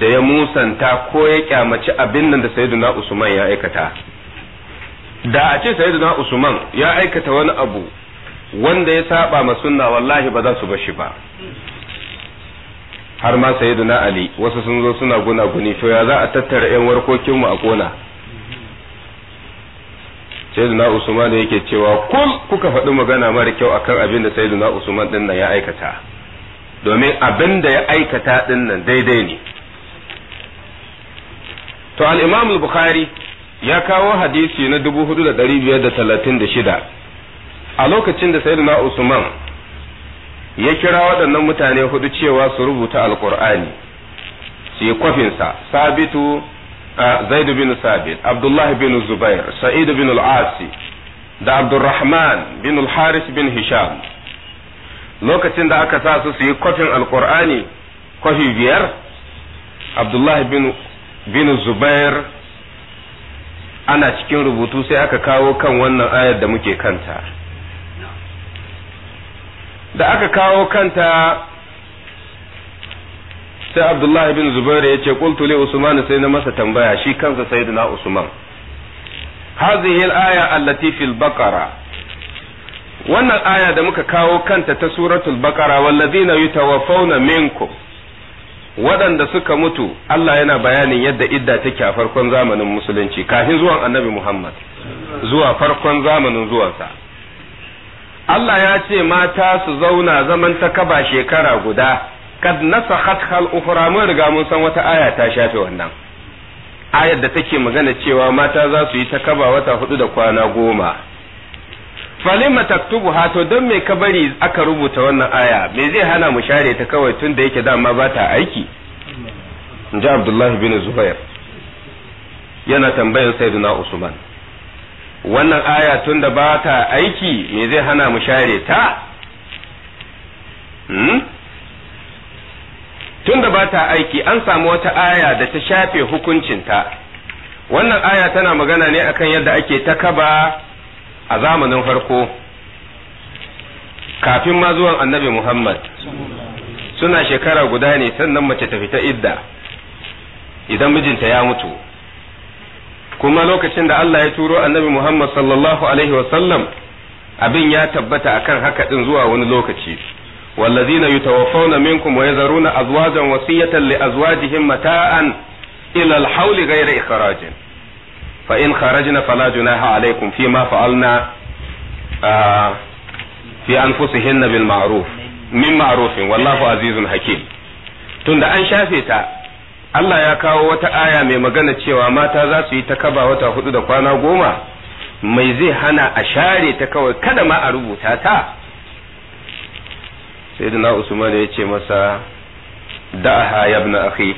da ya musanta ko ya kyamaci abin nan da sayyiduna usman ya aikata da a ce sayyiduna usman ya aikata wani abu wanda ya saba ma sunna wallahi ba za su bashi ba har ma sayyiduna ali wasu sun zo suna guna guni to ya za a tattara yan warkokin mu a kona sayyidina usman yake cewa kun kuka faɗi magana mara kyau akan abin da sayyidina usman din nan ya aikata domin abin da ya aikata din nan daidai ne to al-imam al-bukhari ya kawo hadisi na 4536 a lokacin da sayyidina usman ya kira waɗannan mutane hudu cewa su rubuta alkur'ani su yi kwafinsa sabitu zaid bin sabit abdullah bin zubair sa'id bin asi da abdulrahman bin al-haris bin hisham lokacin da aka sa su su yi kofin alkur'ani kofi biyar abdullah bin bin zubair ana cikin rubutu sai aka kawo kan wannan ayar da muke kanta da aka kawo kanta sai abdullahi bin zubair ya ce qultu li usman sai na masa tambaya shi kansa sayyidina usman hadhihi al-aya allati fil baqara wannan aya da muka kawo kanta ta suratul baqara wallazina yatawaffawna minkum waɗanda suka mutu Allah yana bayanin yadda idda take a farkon zamanin musulunci kafin zuwan annabi Muhammad zuwa farkon zamanin zuwansa Allah ya ce mata su zauna zaman takaba shekara guda kad nasakhat hal ukhra mun riga mun san wata aya ta shafe wannan ayar da take magana cewa mata za su yi ta kaba wata hudu da kwana goma falima taktubu ha to don me kabari aka rubuta wannan aya me zai hana mu share ta kawai tun da yake dama ba ta aiki in abdullahi bin zubair yana tambayan sayyiduna usman wannan aya tun da ba ta aiki me zai hana mu share ta hmm? tunda ba ta aiki an samu wata aya da ta shafe hukuncinta wannan aya tana magana ne akan yadda ake ta kaba a zamanin farko kafin ma zuwan annabi Muhammad suna shekara guda ne sannan mace ta fita idda idan mijinta ya mutu kuma lokacin da Allah ya turo annabi Muhammad sallallahu alaihi wasallam abin ya tabbata akan haka din zuwa wani lokaci والذين يتوفون منكم ويذرون أزواجا وصية لأزواجهم متاعا إلى الحول غير إخراج فإن خرجنا فلا جناح عليكم فيما فعلنا في أنفسهن بالمعروف min ma'rufin wallahu azizun hakim tunda an shafe ta Allah ya kawo wata aya mai magana cewa mata za su yi ta kaba wata hudu da kwana goma mai zai hana a share ta kawai kada ma a rubuta ta sai sayyidina usman ya ce masa da'aha ya ibn akhi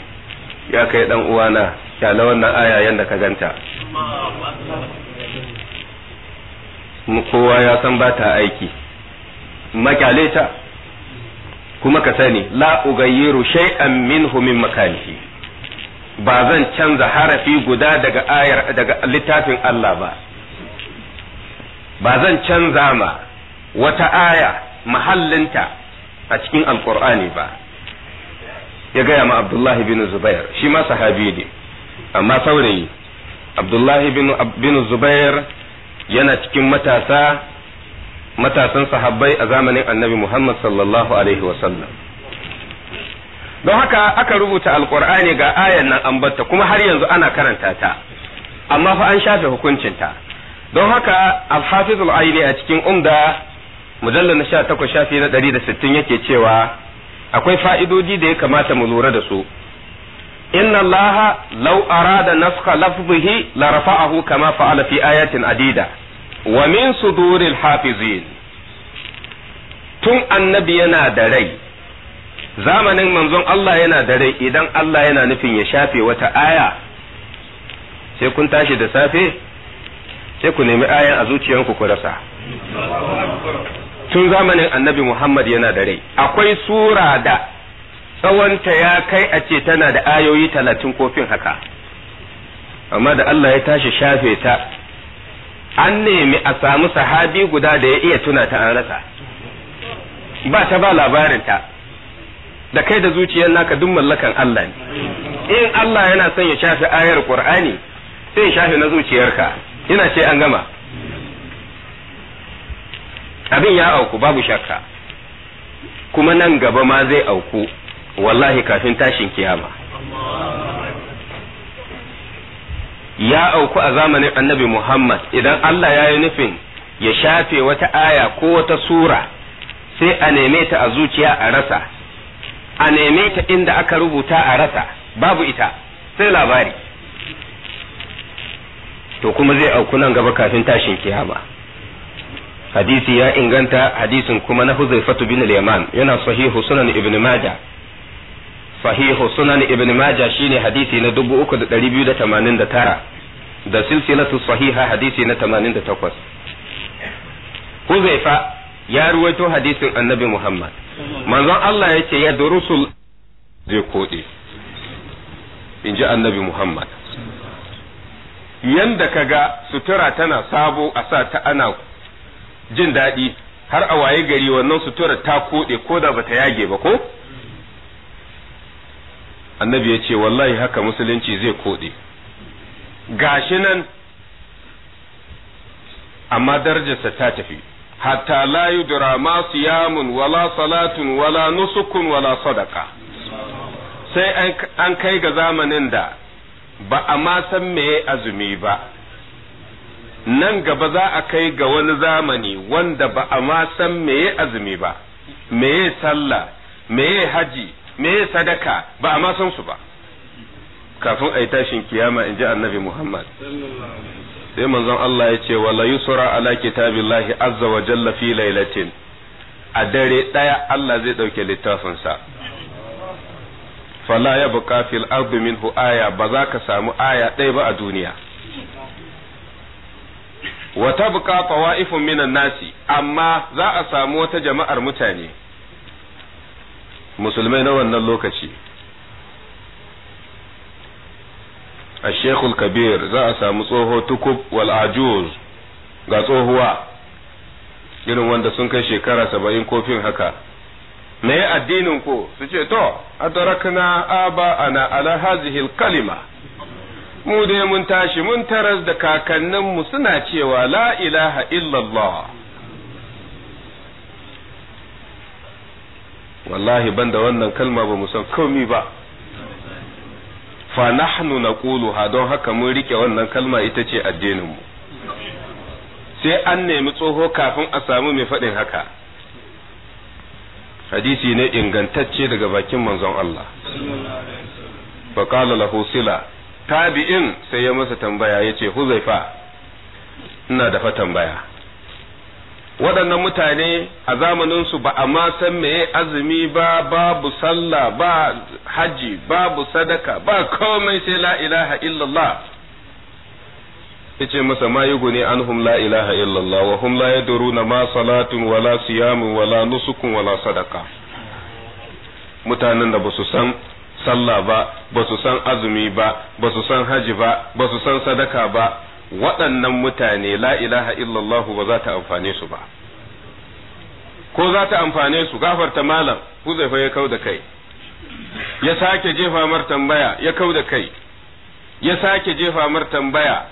ya kai dan uwana kyala wannan aya yanda ka ganta mu kowa ya san ba ta aiki makyale ta kuma ka sani la ugayyiru shay'an minhu min makanihi ba zan canza harafi guda daga ayar daga littafin Allah ba ba zan canza ma wata aya mahallinta a cikin alkur'ani ba ya gaya ma abdullahi bin zubair shi ma sahabi ne amma saurayi abdullahi bin zubair yana cikin matasa matasan sahabbai a zamanin annabi muhammad sallallahu alaihi wasallam don haka aka rubuta alkur'ani ga ayan nan ambata kuma har yanzu ana karanta ta amma fa an shafe hukuncinta don haka alhafiz al'aini a cikin umda mujallar na sha takwas shafi na ɗari da sittin yake cewa akwai fa'idodi da ya kamata mu lura da su inna laha lau arada naskha lafzihi la rafa'ahu kama fa'ala fi ayatin adida wa min suduril hafizin tun annabi yana da rai zamanin manzon Allah yana da rai idan Allah yana nufin ya shafe wata aya sai kun tashi da safe sai ku nemi ayan a zuciyanku ku rasa tun zamanin annabi Muhammad yana da rai akwai sura da tsawonta ya kai a ce tana da ayoyi talatin kofin haka amma da Allah ya tashi shafe ta an nemi a samu sahabi guda da ya iya tuna ta an rasa ba ta ba labarinta da kai da zuciyar naka duk mallakan Allah ne in Allah yana son ya shafe ayar Qur'ani sai ya shafe na zuciyarka ina ce an gama abin ya auku babu shakka kuma nan gaba ma zai auku wallahi kafin tashin kiyama ya auku a zamanin annabi Muhammad idan Allah ya yi nufin ya shafe wata aya ko wata sura sai a neme ta a zuciya a rasa a neme ta inda aka rubuta a rasa babu ita sai labari to kuma zai auku nan gaba kafin tashin kiyama hadisi ya inganta hadisin kuma na huzaifatu bin al-yaman yana sahihu sunan ibn majah sahihu sunan ibn majah shine hadisi na 3289 da silsilatu sahiha hadisi na 88 huzaifa ya ruwaito hadisin annabi muhammad manzon Allah yace ya durusul zai kode in ji annabi muhammad yanda kaga sutura tana sabo a sa ta ana jin daɗi har a waye gari wannan sutura ta koɗe ko da ba ta yage ba ko annabi ya ce wallahi haka musulunci zai koɗe gashi nan amma darajarsa ta tafi hatta la yudra ma siyamun wala salatun wala nusukun wala sadaqa sai an kai ga zamanin da ba a ma san meye azumi ba nan gaba za a kai ga wani zamani wanda ba a ma san meye azumi ba meye sallah meye haji meye sadaka ba a ma san su ba kafin a yi tashin kiyama in ji annabi muhammad sai manzon Allah ya ce wala yusra ala kitabillahi azza wa jalla fi lailatin a dare daya Allah zai dauke littafinsa fala ya buka fil ardi minhu aya ba za ka samu aya ɗaya ba a duniya wa tabqa tawa'ifun minan nasi amma za a samu wata jama'ar mutane musulmai na wannan lokaci الشيخ kabir za a samu tsoho tukub wal ajuz ga tsohuwa irin wanda sun kai shekara saba'in kofin haka me addinin ku su ce to adarakna aba ana ala hazihil kalima mu dai mun tashi mun taras da kakanninmu suna cewa la ilaha illallah wallahi banda wannan kalma ba mu san komi ba fa nahnu naquluha don haka mun rike wannan kalma ita ce addininmu sai an nemi tsoho kafin a samu mai faɗin haka hadisi ne ingantacce daga bakin manzon Allah fa qala lahu sila tabi'in sai ya masa tambaya ya ce huzaifa ina da tambaya waɗannan mutane a zamanin su ba a ma san meye azumi ba babu sallah ba haji babu sadaka ba komai sai la ilaha illallah yace masa ne an anhum la ilaha illallah wa hum la yaduruna ma salatun wala siyamun wala nusukun wala sadaka mutanen da ba su san sallah ba ba su san azumi ba ba su san haji ba ba su san sadaka ba waɗannan mutane la ilaha illallah ba za ta amfane su ba ko za ta amfane su gafarta malam huzaifa ya kau da kai ya sake jefa mar tambaya ya kau da kai ya sake jefa mar tambaya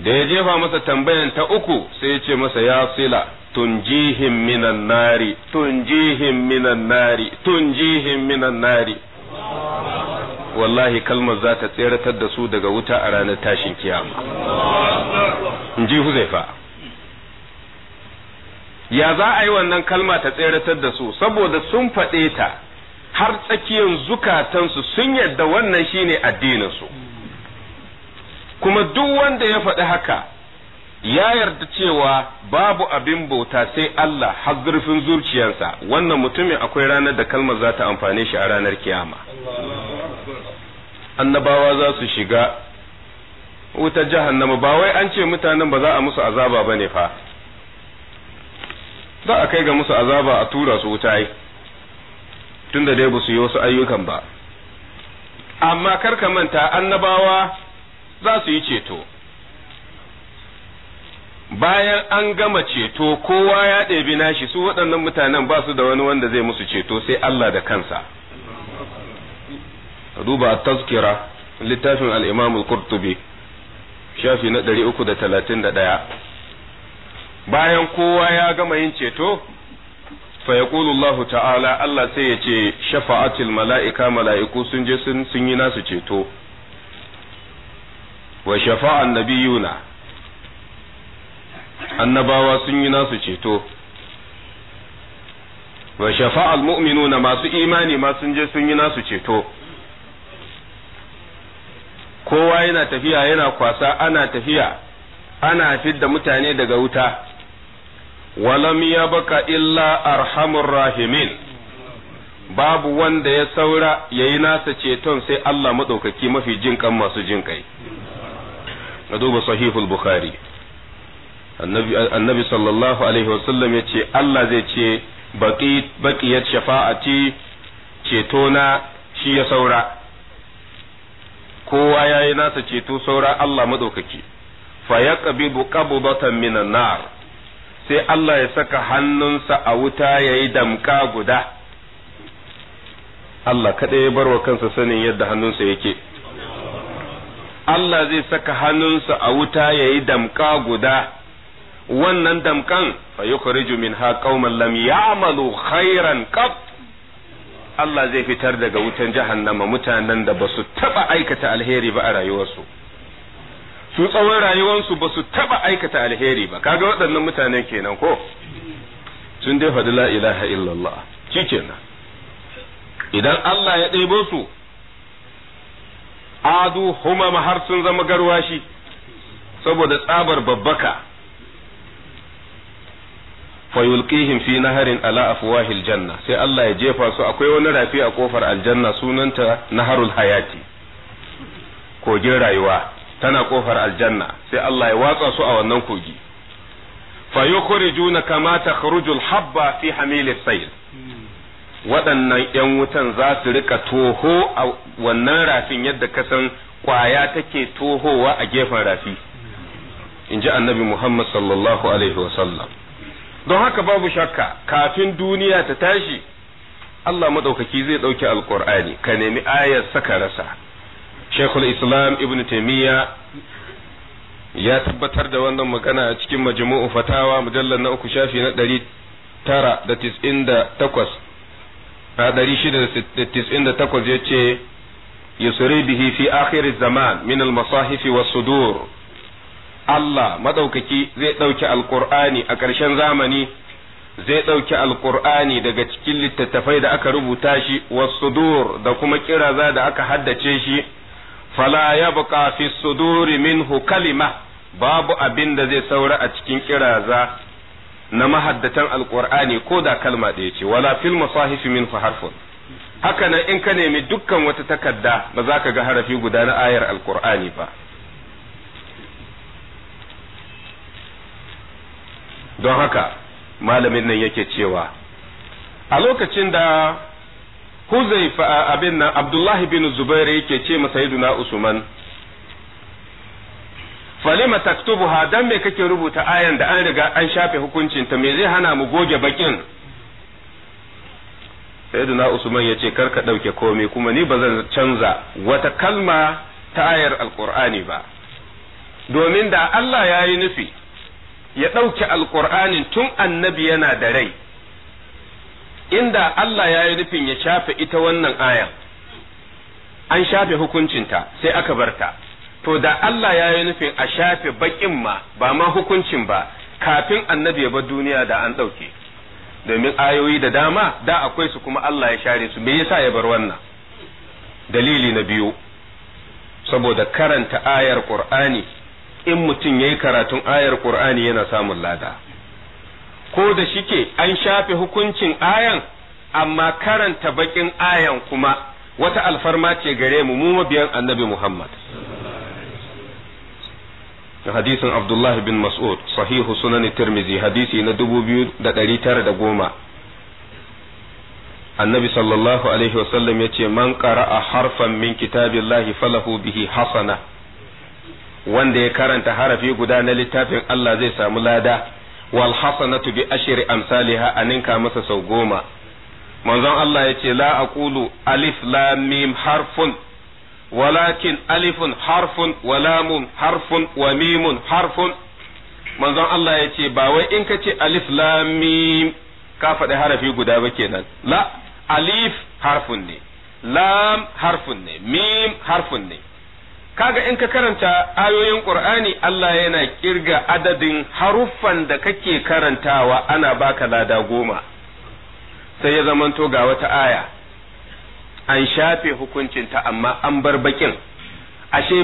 da ya jefa masa tambayan ta uku sai ya ce masa ya sila tunjihim minan nari tunjihim minan nari tunjihim minan nari wallahi kalmar za ta tseratar da su daga wuta a ranar tashin kiyama in ji huzaifa ya za a yi wannan kalma ta tseratar da su saboda sun faɗe ta har tsakiyar zukatansu sun yadda wannan shine addininsu kuma duk wanda ya faɗi haka ya yarda cewa babu abin bauta sai Allah har zurfin zuciyarsa wannan mutumin akwai ranar da kalmar za ta amfane shi a ranar kiyama annabawa za su shiga wutar jahannama ba wai an ce mutanen ba za a musu azaba ba ne fa za a kai ga musu azaba a tura su wuta yi tunda dai ba su yi wasu ayyukan ba amma kar ka manta annabawa za su yi ceto bayan an gama ceto kowa ya ɗebi nashi su waɗannan mutanen ba su da wani wanda zai musu ceto sai Allah da kansa duba taskira littafin al-Imam al da talatin da ɗaya. bayan kowa ya gama yin ceto fa yaqulu Allah ta'ala Allah sai ya ce shafa'atil mala'ika mala'iku sun je sun yi nasu ceto wa shafa'an na. annabawa sun yi nasu ceto wa shafa'al mu'minuna masu imani ma sun je sun yi nasu ceto kowa yana tafiya yana kwasa ana tafiya ana fidda mutane daga wuta walam ya baka illa arhamur rahimin babu wanda ya saura ya yi nasa ceton sai Allah maɗaukaki mafi jinƙan masu jinƙai. duba sahihul Bukhari. annabi sallallahu alaihi wasallam ya ce Allah zai ce baƙiyar shafa'ati ceto na shi ya saura kowa ya yi nasa ceto saura Allah maɗaukaki fa ya ƙabibu ƙabubatan minan nar sai Allah ya saka hannunsa a wuta ya yi damƙa guda Allah kaɗai ya bar wa kansa sanin yadda hannunsa yake Allah zai saka hannunsa a wuta ya yi damƙa guda wannan damkan fa yukhriju minha qauman lam ya'malu khairan qat Allah zai fitar daga wutan jahannama mutanen da basu taba aikata alheri ba a rayuwarsu su tsawon rayuwarsu basu taba aikata alheri ba kaga waɗannan mutanen kenan ko sun dai faɗi la ilaha illallah shikenan idan Allah ya ɗebo su adu humama har sun zama garwashi saboda tsabar babbaka fayulqihim fi naharin ala afwahil janna sai Allah ya jefa su akwai wani rafi a kofar aljanna sunanta naharul hayati kogin rayuwa tana kofar aljanna sai Allah ya watsa su a wannan kogi fayukhrijuna kama takhrujul habba fi hamilis sayl waɗannan ‘yan wutan za su rika toho a wannan rafin yadda kasan kwaya take tohowa a gefen rafi in ji annabi Muhammad sallallahu Alaihi sallam. don haka babu shakka kafin duniya ta tashi Allah madaukaki zai ɗauki alkur'ani ka nemi ayar saka rasa Sheikhul Islam Ibn Taymiyyah ya tabbatar da wannan magana a cikin majmu'u fatawa mujallar na uku shafi na ɗari tara da tis'in da takwas a ɗari shida da tis'in da takwas ya ce yusuri bihi fi akhir zaman min al-masahifi was sudur Allah madaukaki zai ɗauki alkur'ani a ƙarshen zamani zai ɗauki alkur'ani daga cikin littattafai da aka rubuta shi wasudur da kuma kiraza da aka haddace shi fala yabqa fi suduri minhu kalima babu abin da zai saura a cikin kiraza na mahaddatan Alƙur'ani ko da kalma ɗaya ce wala fil masahifi min harfun haka nan in ka nemi dukkan wata takarda ba za ka ga harafi guda na ayar alkur'ani ba don haka malamin nan yake cewa a lokacin da huzaifa abin nan abdullahi bin zubairu yake ce masa na usman falima taktubuha dan me kake rubuta ayan da an riga an shafe hukuncin ta me zai hana mu goge bakin sayyidina usman yace kar ka dauke komai kuma ni bazan canza wata kalma ta ayar alqur'ani ba domin da Allah ya yi nufi ya ɗauke Alƙur'ani tun annabi yana da rai inda Allah ya yi nufin ya shafe ita wannan aya an shafe hukuncinta sai aka barta to da Allah ya yi nufin a shafe baƙin ma ba ma hukuncin ba kafin annabi ya bar duniya da an ɗauke domin ayoyi da dama da akwai su kuma Allah ya share su me yasa ya bar wannan dalili na biyu saboda karanta ayar Qur'ani in mutum ya yi karatun ayar ƙur'ani yana samun lada. Ko da shike an shafe hukuncin ayan amma karanta baƙin ayan kuma wata alfarma ce gare mu mu mabiyan annabi Muhammad. hadisin Abdullah bin Mas'ud sahihu sunan Tirmizi hadisi na 2910 Annabi sallallahu alaihi wasallam ce man qara'a harfan min kitabillahi falahu bihi hasana wanda ya karanta harafi guda na littafin Allah zai samu lada wal hasanatu bi ashri amsalha aninka masa sau goma manzon Allah ya ce la aqulu alif lam mim harfun walakin alifun harfun wa lamun harfun wa mimun harfun manzon Allah ya ce ba wai in ka ce alif lam mim ka faɗi harafi guda ba kenan la alif harfun ne lam harfun ne mim harfun ne kaga in ka karanta ayoyin qur'ani Allah yana kirga adadin haruffan da kake karantawa ana baka lada goma sai ya zamanto ga wata aya an shafe hukuncin ta amma an bar bakin ashe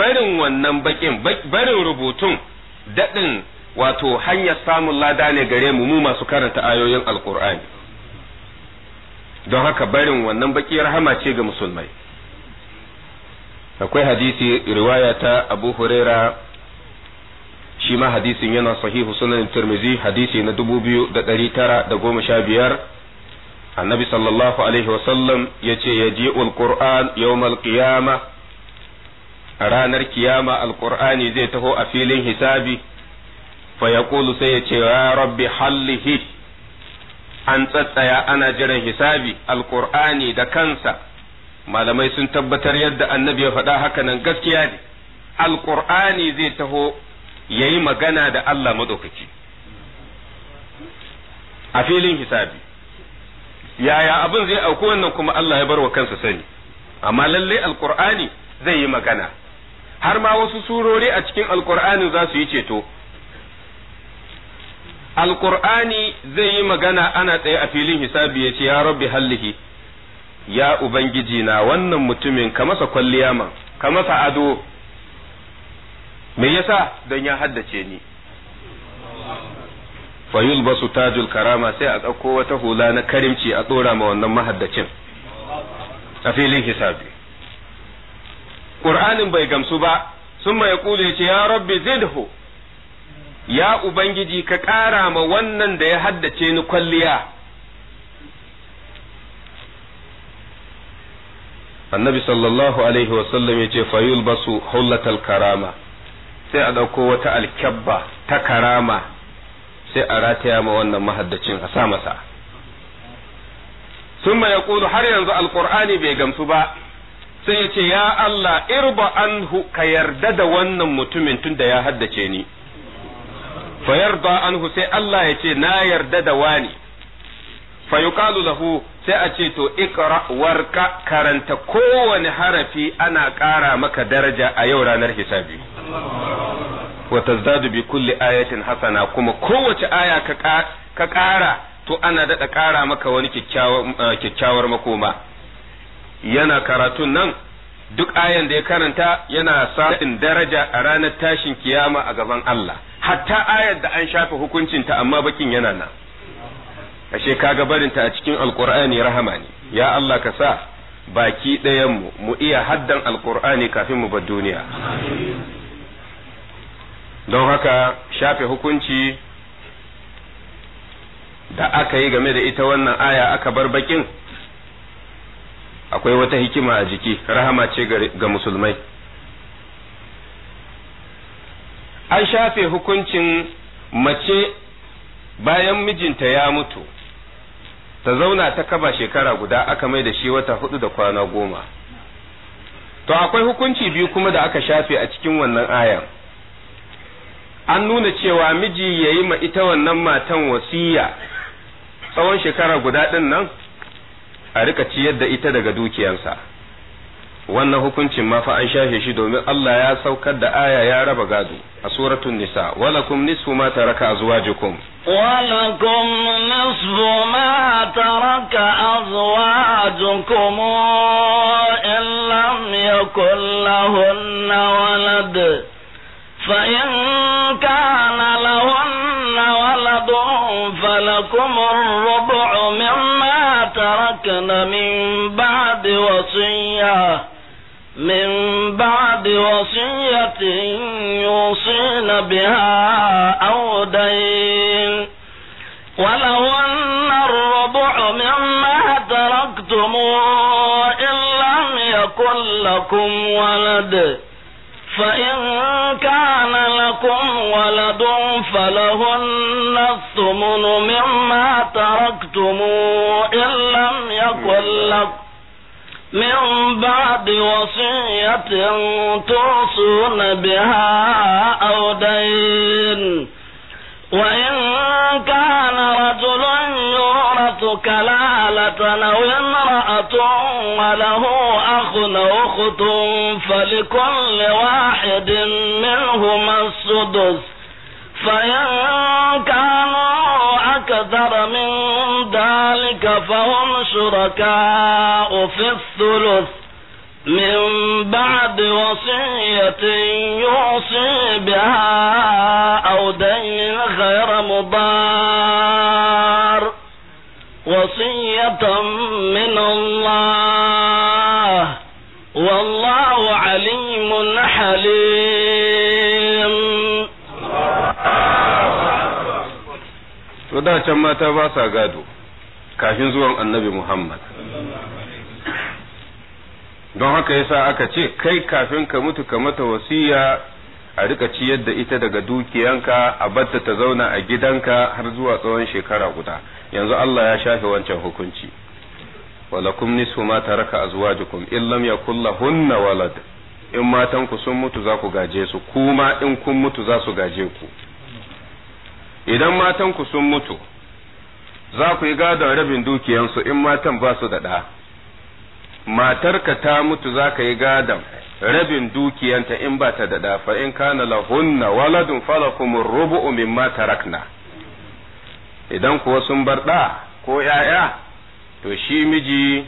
barin wannan bakin barin rubutun daɗin wato hanyar samun lada ne gare mu mu masu karanta ayoyin alkur'ani don haka barin wannan baki rahama ce ga musulmai akwai hadisi riwaya ta abu huraira shi ma hadisin yana sahihu sunan tirmizi hadisi na dubu biyu da ɗari tara da goma sha biyar annabi sallallahu alaihi wasallam ya ce ya ji alƙur'an yau qiyama a ranar kiyama alƙur'ani zai taho a filin hisabi fa ƙulu sai ya ce ya rabbi hallihi an tsattsaya ana jiran hisabi alƙur'ani da kansa malamai sun tabbatar yadda annabi ya faɗa haka nan gaskiya ne alƙur'ani zai taho ya yi magana da Allah maɗaukaki a filin hisabi yaya abin zai auku wannan kuma Allah ya bar wa kansa sani amma lalle alƙur'ani zai yi magana har ma wasu surori a cikin alƙur'ani za su yi ceto alƙur'ani zai yi magana ana tsaye a filin hisabi ya ce ya rabbi hallihi ya ubangiji na wannan mutumin ka masa kwalliya man ka masa ado me yasa don ya haddace ni fa yulbasu tajul karama sai a ɗauko wata hula na karimci a ɗora ma wannan mahaddacin a filin hisabi ƙur'anin bai gamsu ba sun mai kule ce ya rabbi zidhu ya ubangiji ka ƙara ma wannan da ya haddace ni kwalliya annabi sallallahu alaihi wasallam ya ce fayul basu hullatal karama sai a ɗauko wata alkyabba ta karama sai a rataya ma wannan mahaddacin a sa masa ثم يقول har yanzu alkur'ani bai gamsu ba sai ya ce ya Allah irba anhu ka yarda da wannan mutumin tunda ya haddace ni fa yarda anhu sai Allah ya ce na yarda da wani fa yuqalu lahu sai a ce to ikra warka karanta kowane harafi ana kara maka daraja a yau ranar hisabi wa tazdadu bi kulli ayatin hasana kuma kowace aya ka kara to ana daɗa ƙara maka wani eh, kyakkyawar makoma yana karatun nan duk ayan da ya karanta yana samun daraja a ranar tashin kiyama a gaban Allah hatta ayar da an shafe hukuncinta amma bakin yana nan ashe kaga barinta a cikin alqur'ani rahama ne ya Allah ka sa baki ɗayan mu mu iya haddan alqur'ani kafin mu bar duniya don haka shafe hukunci da aka yi game da ita wannan aya aka bar bakin akwai wata hikima a jiki rahama ce ga musulmai an shafe hukuncin mace bayan mijinta ya mutu ta zauna ta kaba shekara guda aka mai da shi wata hudu da kwana goma to akwai hukunci biyu kuma da aka shafe a cikin wannan ayan an nuna cewa miji ya yi ma ita wannan matan wasiya tsawon shekara guda ɗin nan a rika ciyar da ita daga dukiyansa wannan hukuncin ma fa an shafe shi domin Allah ya saukar da aya ya raba gado a suratul nisa walakum nisfu ma taraka azwajukum walakum nisfu ma taraka azwajukum in lam yakul lahunna walad fa in kana lahunna walad falakum ar-rubu' mimma tarakna min ba'di wasiyah من بعد وصية يوصين بها أو دين ولهن الربع مما تركتم إن لم يكن لكم ولد فإن كان لكم ولد فلهن الثمن مما تركتم إن لم يكن لكم من بعد وصية توصون بها أو دين وإن كان رجل يورث كلالة أو امرأة وله أخ أو أخت فلكل واحد منهما السدس فإن كانوا أكثر من ذلك فهم شركاء في الثلث من بعد وصية يوصي بها أو دين غير مضار وصية من الله والله عليم حليم to da can mata ba sa gado kafin zuwan annabi Muhammad don haka yasa aka ce kai kafin ka mutu ka mata wasiya a rika ciyar da ita daga dukiyanka a batta ta zauna a gidanka har zuwa tsawon shekara guda yanzu Allah ya shafe wancan hukunci walakum nisfu ma taraka azwajukum in lam yakul lahunna walad in matan ku sun mutu za ku gaje su kuma in kun mutu za su gaje ku idan matan ku sun mutu za ku yi gadon rabin dukiyansu in matan ba su da ɗa matarka ta mutu za ka yi gadon rabin dukiyanta in ba ta da fa in kana lahunna waladun falakumur rubu'u mimma tarakna idan kuwa sun bar ɗa ko ‘ya'ya to shi miji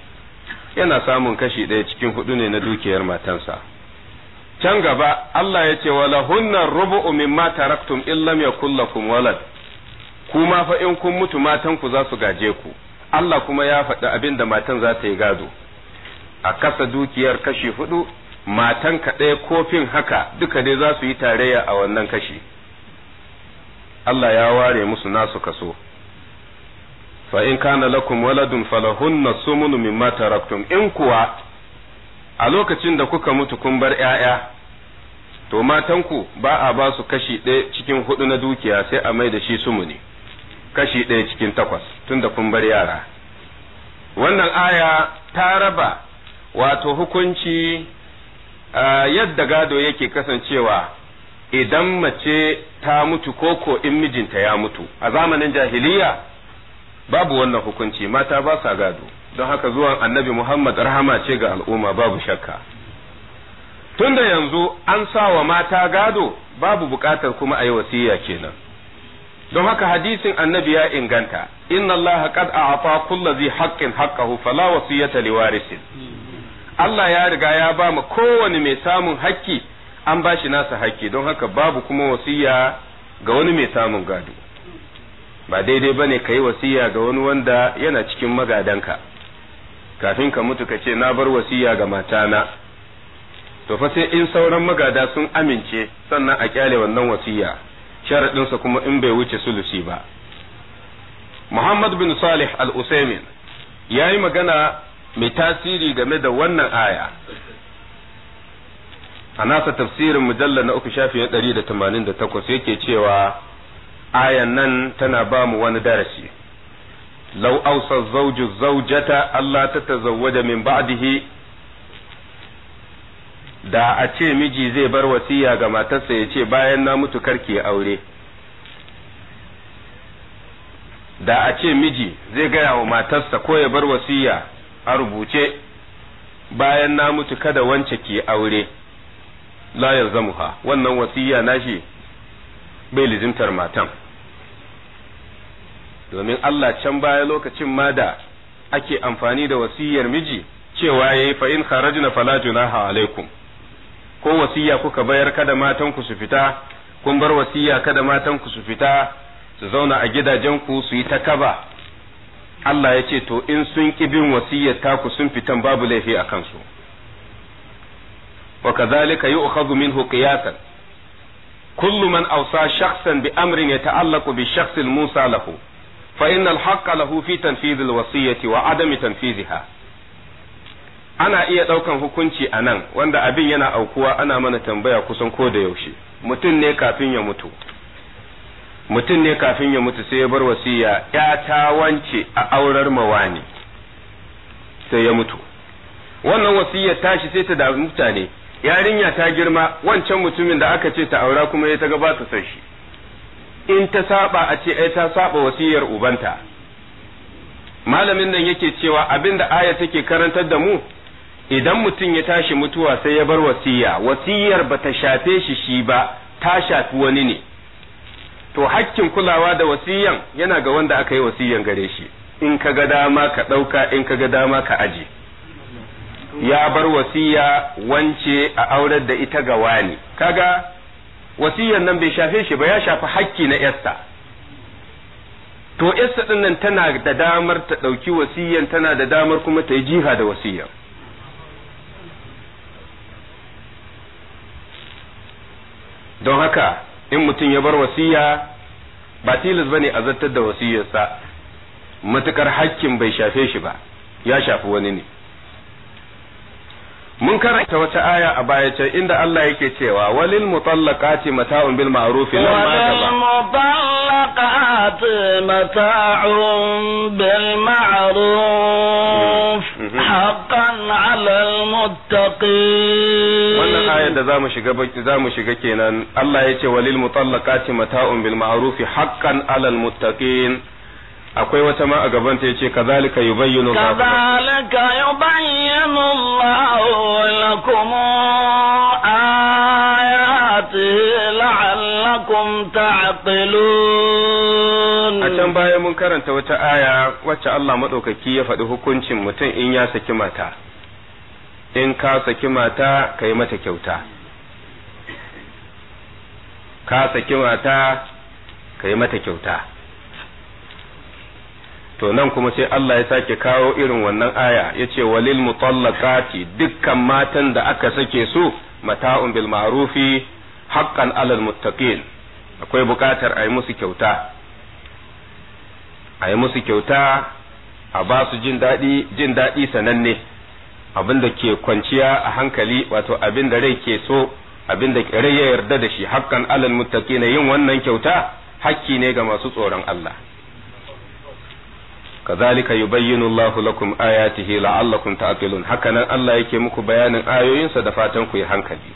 yana samun kashi ɗaya cikin hudu ne na dukiyar matansa can gaba Allah ya ce walahunna rubu'u mimma taraktum illam yakul lakum walad kuma fa in kun mutu matan ku za su gaje ku Allah kuma ya faɗi abin da matan za ta yi gado a kasa dukiyar kashi hudu matan ka ɗaya kofin haka duka dai za su yi tarayya a wannan kashi Allah ya ware musu nasu kaso fa in kana lakum waladun falahunna sumunu mimma taraktum in kuwa a lokacin da kuka mutu kun bar ‘ya'ya, to matanku ba a ba su kashi ɗaya cikin hudu na dukiya sai a mai da shi sumuni kashi ɗaya cikin takwas tunda kun bar yara. Wannan aya ta raba wato hukunci yadda gado yake kasancewa idan mace ta mutu koko in mijinta ya mutu a zamanin jahiliya babu wannan hukunci mata ba sa gado don haka zuwan annabi muhammad rahama ce ga al'umma babu shakka tunda yanzu an sa wa mata gado babu bukatar kuma a yi wasiya kenan don haka hadisin annabi ya inganta inna allaha qad a'ata kullu dhi haqqin haqqahu fala wasiyata liwarisin Allah ya riga ya ba mu kowane mai samun hakki an ba shi nasa hakki don haka babu kuma wasiya ga wani mai samun gado ba daidai bane ka yi wasiya ga wani wanda yana cikin magadanka kafin ka mutu ka ce na bar wasiya ga matana to fa sai in sauran magada sun amince sannan a kyale wannan wasiya sharaɗinsa kuma in bai wuce sulusi ba Muhammad bin Salih al-Usaimin yayi magana mai tasiri game da wannan aya a nasa tafsirin mujallar na uku shafi na ɗari da tamanin da takwas yake cewa ayan nan tana ba mu wani darasi lau ausa zauju zaujata Allah ta tazawwaja min ba'dihi da a ce miji zai bar wasiya ga matarsa ya ce bayan na mutu karki aure da a ce miji zai gaya wa matarsa ko ya bar wasiya a rubuce bayan na mutu kada wance ke aure la ha. wannan wasiya nashi bai lizimtar matan domin Allah can baya lokacin ma da ake amfani da wasiyar miji cewa yayi fa in kharajna fala junaha alaikum ko wasiya kuka bayar kada matan ku su fita kun bar wasiya kada matan ku su fita su zauna a gidajen ku su yi ta kaba Allah ya ce to in sun ƙi bin wasiyyar taku sun fitan babu laifi a kansu wa kazalika yu'khadhu minhu qiyasan kullu man awsa shakhsan bi amrin yata'allaqu bi shakhsil musa lahu fa innal haqqa lahu fi tanfidh wasiyyati wa adami tanfidhiha ana iya ɗaukan hukunci a nan wanda abin yana aukuwa ana mana tambaya kusan ko da yaushe mutum ne kafin ya mutu mutum ne kafin ya mutu sai ya bar wasiya ya ta wance a aurar mawani sai ya mutu wannan wasiyar tashi sai ta da mutane yarinya ta girma wancan mutumin da aka ce ta aura kuma ya ta ba ta san shi in ta saba a ce ai ta saba wasiyar ubanta malamin nan yake cewa abin da aya take karantar da mu idan mutum ya tashi mutuwa sai ya bar wasiya wasiyar ba ta shafe shi shi ba ta shafi wani ne to hakkin kulawa da wasiyan yana ga wanda aka yi wasiyan gare shi in ka ga dama ka ɗauka in ka ga dama ka aje ya bar wasiya wance a aurar da ita ga wani kaga wasiyan nan bai shafe shi ba ya shafi hakki na yarsa to yarsa din nan tana da damar ta ɗauki wasiyan tana da damar kuma ta yi jiha da wasiyan don haka in mutum ya bar wasiya ba tilas bane a zartar da wasiyarsa matukar hakkin bai shafe shi ba ya shafi wani ne mun karanta wata aya a baya can inda Allah yake cewa walil mutallaqati mata'un bil ma'ruf lam ma walil mutallaqati mata'un bil ma'ruf mm-hmm. haqqan 'ala al wannan ayar da zamu shiga baki zamu shiga kenan Allah yace walil mutallaqati mata'un bil ma'ruf haqqan 'alal muttaqin akwai wata ma a gaban ta yace kazalika yubayyinu Allahu kazalika yubayyinu Allahu lakum ayatihi la'allakum ta'qilun a can baya mun karanta wata aya wacce Allah madaukaki ya faɗi hukuncin mutum in ya saki mata in ka saki mata ka yi mata kyauta ka saki mata ka yi mata kyauta to nan kuma sai Allah ya sake kawo irin wannan aya ya ce walil mutallaqati dukkan matan da aka sake su mata'un bil ma'rufi haqqan alal muttaqin akwai buƙatar a yi musu kyauta a yi musu kyauta a ba su jin daɗi jin daɗi sananne abin da ke kwanciya a hankali wato abin da rai ke so abin da rai ya yarda da shi hakkan alal muttaqina yin wannan kyauta hakki ne ga masu tsoron Allah kazalika yubayyinu Allah lakum ayatihi la'allakum ta'qilun hakanan Allah yake muku bayanin ayoyinsa da fatan ku yi hankali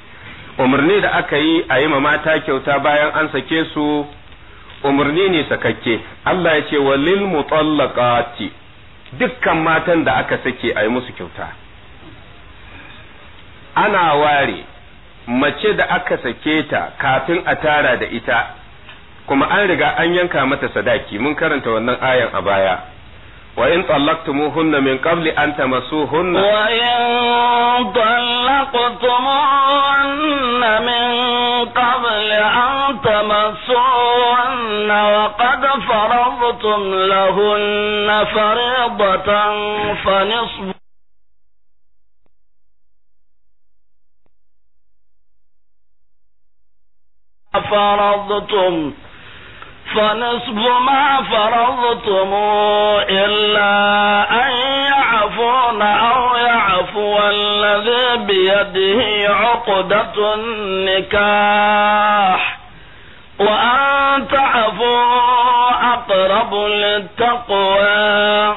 umarni da aka yi a yi mata kyauta bayan an sake su umarni ne sakakke Allah ya ce walil mutallaqati dukkan matan da aka sake a yi musu kyauta ana ware mace da aka sake ta kafin a tara da ita kuma an riga an yanka mata sadaki mun karanta wannan ayan a baya wa in tsallaktumuhunna min qabli an tamassuhunna wa in tsallaktumuhunna min qabli an tamassuhunna wa qad faradtum fa فرضتم فنصف ما فرضتم إلا أن يعفون أو يعفو الذي بيده عقدة النكاح وأن تعفوا أقرب للتقوى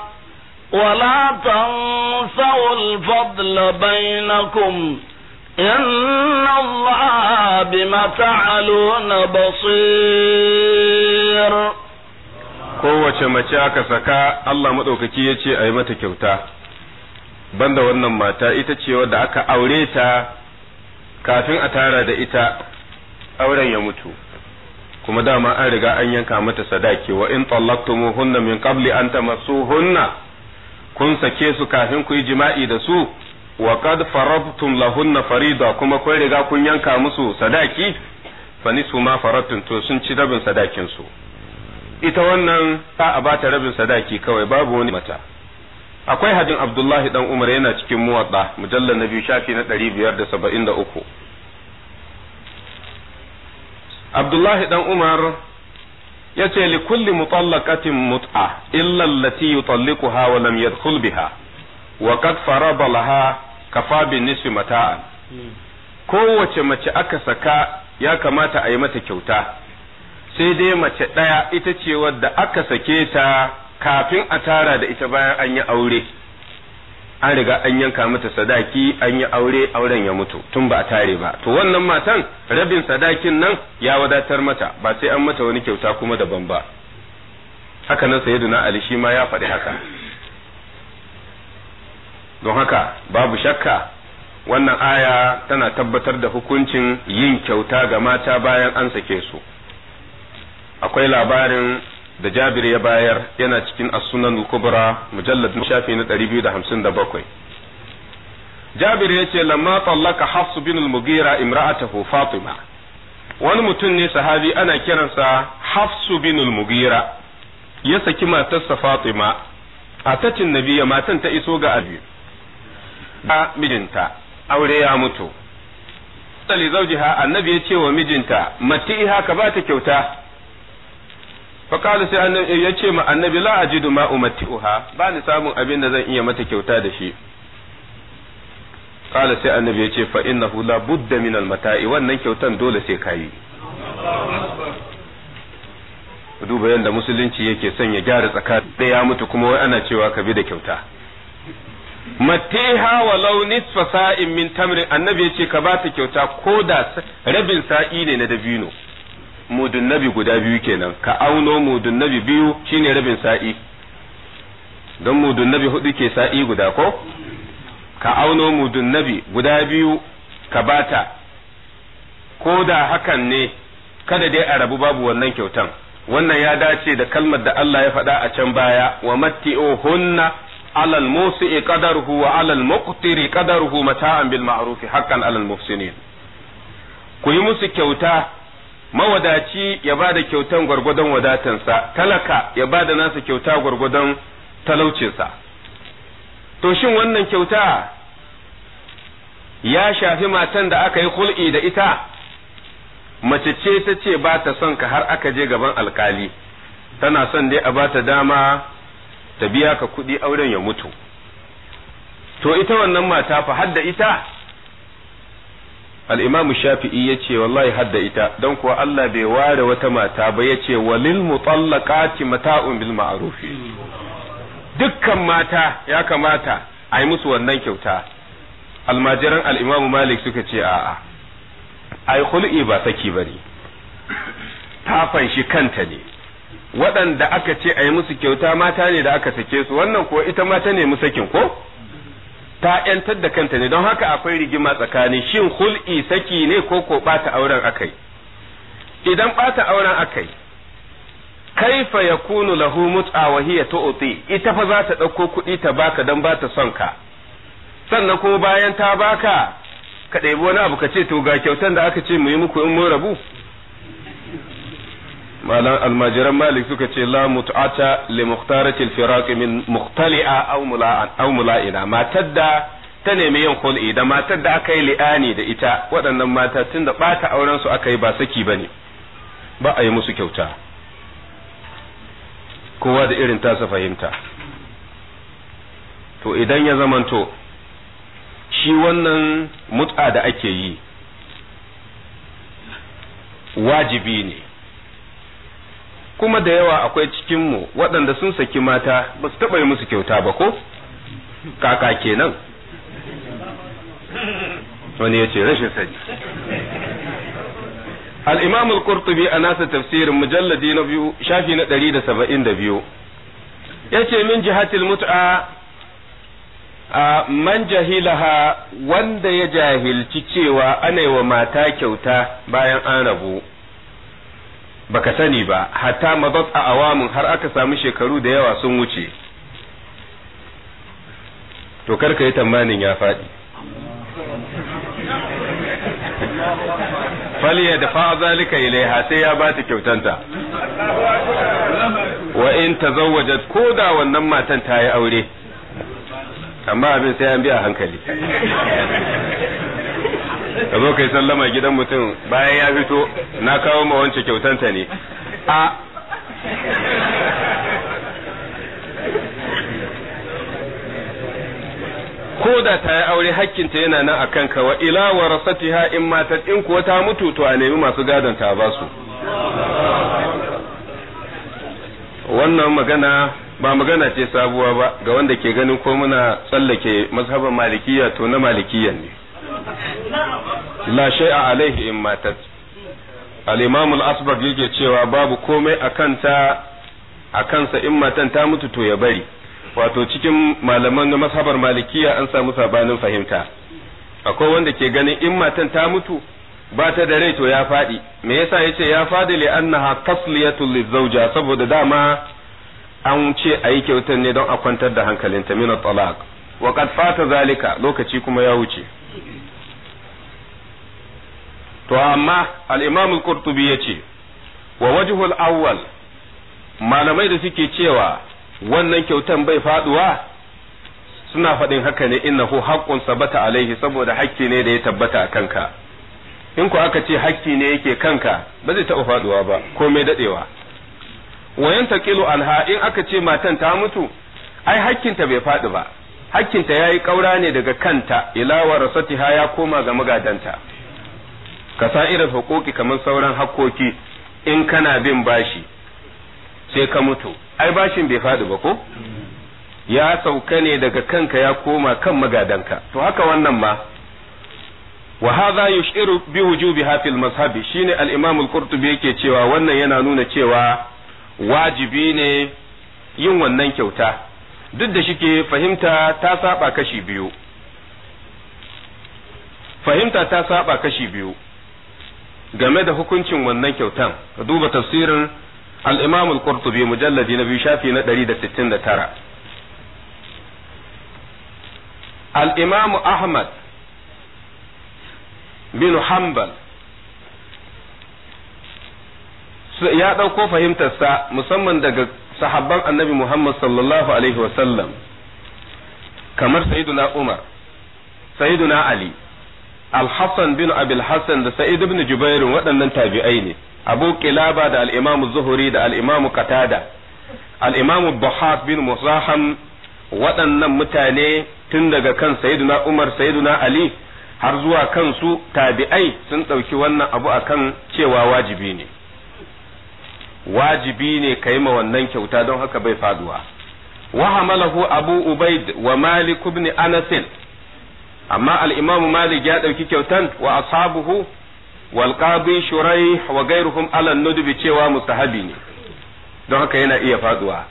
ولا تنسوا الفضل بينكم إن الله بما تعملون بصير kowace mace aka saka Allah maɗaukaki ya ce a yi mata kyauta banda wannan mata ita ce wadda aka aure ta kafin a tara da ita auren ya mutu kuma dama an riga an yanka mata sadaki wa in hunna min qabli an tamassuhunna kun sake su kafin ku yi jima'i da su wa qad farabtum lahunna farida kuma kun riga kun yanka musu sadaki fa nisfu ma faradtum to sun ci rabin sadakin su ita wannan ta a bata rabin sadaki kawai babu wani mata akwai hadin abdullahi dan umar yana cikin muwadda mujallar na biyu shafi na ɗari biyar da saba'in da uku abdullahi dan umar ya ce li kulli mutallaqatin mut'a illa allati yutalliquha wa lam yadkhul biha wa qad farada kafa bin nisfi mata'an hmm. kowace mace aka saka ya kamata a yi mata kyauta sai dai mace ɗaya ita ce wadda aka sake ta kafin a tara da ita bayan an yi aure an riga an yanka mata sadaki an yi aure auren ya mutu tun ba a tare ba to wannan matan rabin sadakin nan ya wadatar mata ba sai an mata wani kyauta kuma daban ba haka nan sayyiduna ali shi ma ya faɗi haka don haka babu shakka wannan aya tana tabbatar da hukuncin yin kyauta ga mata bayan an sake su akwai labarin da jabir ya bayar yana cikin as-sunan kubra mujallad shafi na 257 jabir ya ce lamma tallaka hafs bin al-mughira imra'atahu fatima wani mutum ne sahabi ana kiransa hafsu bin al-mughira ya saki matarsa fatima a tacin nabiya matan ta iso ga abi a mijinta aure ya mutu tsali zaujiha annabi ya ce wa mijinta mati ka ba ta kyauta Fakalu sai annabi ya ce ma annabi la ajidu ma uha ba ni samun abin da zan iya mata kyauta da shi qala sai annabi ya ce fa innahu la budda min mata'i wannan kyautan dole sai kayi duba yadda musulunci yake son ya gyara tsaka da ya mutu kuma wai ana cewa ka bi da kyauta matiha walau nisfa sa'in min tamrin annabi yace ka ba ta kyauta ko da rabin sa'i ne na dabino mudun nabi guda biyu kenan ka auno mudun nabi biyu shine rabin sa'i don mudun nabi hudu ke sa'i guda ko ka auno mudun nabi guda biyu ka bata ko da hakan ne kada dai a rabu babu wannan kyautan wannan ya dace da kalmar da Allah ya faɗa a can baya wa matti'uhunna alal musi'i qadaruhu wa alal muqtiri qadaruhu mata'an bil ma'ruf haqqan alal muhsinin ku yi musu kyauta mawadaci ya bada kyautan gwargwadon wadatansa talaka ya bada nasa kyauta gwargwadon talaucinsa to shin wannan kyauta ya shafi matan da aka yi hul'i da ita mace ce ta ce ba ta son ka har aka je gaban alkali tana son dai a ba ta dama ta biya ka kuɗi auren ya mutu to ita wannan mata fa hadda ita al Shafi'i shafi'i yace wallahi hadda ita don kuwa Allah bai ware wata mata ba yace walil mutallaqati mata'un bil ma'ruf dukkan mata ya kamata a yi musu wannan kyauta almajiran al malik suka ce a'a Ayi, khul'i ba saki bari ta fanshi kanta ne waɗanda aka ce a yi musu kyauta mata ne da aka sake su wannan kuwa ita mata ne musakin ko ta ‘yantar da kanta ne don haka akwai rigima tsakanin shin hul'i saki ne ko ko ɓata auren akai idan ɓata auren akai fa ya kunu lahu mut'a wa hiya tu'ti ita fa za ta ɗauko kuɗi ta baka don ba ta son ka sannan ko bayan ta baka ka ɗebi wani abu ka ce to ga kyautan da aka ce mu yi muku in mun rabu Malam almajiran malik suka ce la mut'ata li mukhtaratil firaq min mukhtali'a aw mula'an aw mula'ina matar da ta nemi yin hul'i da matar da aka yi li'ani da ita waɗannan mata tun da bata auren su aka yi ba saki bane ba a yi musu kyauta kowa da irin tasa fahimta to idan ya zamanto shi wannan mut'a da ake yi wajibi ne kuma da yawa akwai cikinmu waɗanda sun saki mata ba su taɓa yi musu kyauta ba ko kaka kenan wani ya ce rashin sani al-imam al-qurtubi a nasa tafsirin mujalladi na biyu shafi na ɗari da saba'in da biyu ya ce min jihatil mut'a a man jahilaha wanda ya jahilci cewa ana yi wa mata kyauta bayan an rabu baka sani ba hatta mabat a awamin har aka samu shekaru da yawa sun wuce to karka yi tambanin ya faɗi faliya da fa zalika ilaiha sai ya bata kyautanta wa in tazawwajat ko da wannan matan ta yi aure amma abin sai an biya hankali ka zo kai sallama gidan mutum bayan ya fito na kawo ma wance kyautanta ne a ko da ta yi aure hakkinta yana nan a kanka wa ila wa in matar in kuwa ta mutu to a nemi masu gadon ta basu. wannan magana ba magana ce sabuwa ba ga wanda ke ganin ko muna tsallake mazhaban malikiya to na malikiyan ne la shay'a alaihi in matat al-imam al yake cewa babu komai akan ta akan sa in matan ta mutu to ya bari wato cikin malaman na mashabar malikiya an samu sabanin fahimta akwai wanda ke ganin in matan ta mutu ba ta da rai to ya faɗi me yasa yace ya faɗi li annaha tasliyatun lizawja saboda dama an ce a yi kyautar ne don a kwantar da hankalinta min talaq wa qad fata zalika lokaci kuma ya wuce to amma al-imam al-qurtubi yace wa wajihul awwal malamai da suke cewa wannan kyautan bai faduwa suna faɗin haka ne innahu haqqun sabata alaihi saboda hakki ne da ya tabbata a kanka in ku aka ce hakki ne yake kanka ba zai taɓa faduwa ba komai dadewa wayan taqilu anha in aka ce matan ta mutu ai hakkinta bai faɗi ba hakkinta yayi ƙaura ne daga kanta ila warasatiha ya koma ga magadanta ka irin hukuki kamar sauran hakkoki in kana bin bashi sai ka mutu ai bashin bai faɗi ba ko ya sauka ne daga kanka ya koma kan magadanka to haka wannan ma wa hadha yushiru bi wujubiha fil mazhabi shine al-imam al-qurtubi yake cewa wannan yana nuna cewa wajibi ne yin wannan kyauta duk da shike fahimta ta saba kashi biyu fahimta ta saba kashi biyu game da hukuncin wannan kyautan ka duba tafsirin al-Imam al-Qurtubi mujalladi na biyu shafi na 169 al-Imam Ahmad bin Hanbal ya ɗauko fahimtarsa musamman daga sahabban annabi Muhammad sallallahu alaihi wasallam kamar Sayyiduna Umar Sayyiduna Ali al-Hassan bin Abil Hassan da Sa'id ibn Jubair waɗannan tabi'ai ne Abu Qilaba da al-Imam Zuhri da al-Imam Qatada al-Imam Bahaf bin Musaham waɗannan mutane tun daga kan Sayyiduna Umar Sayyiduna Ali har zuwa kansu tabi'ai sun ɗauki wannan abu akan cewa wajibi ne wajibi ne ka yi ma wannan kyauta don haka bai faduwa wa hamalahu abu ubaid wa malik ibn anas amma al malik ya ɗauki kyautan wa ashabuhu wal qadi shurai wa ghayruhum ala nudubi cewa mustahabi ne don haka yana iya faduwa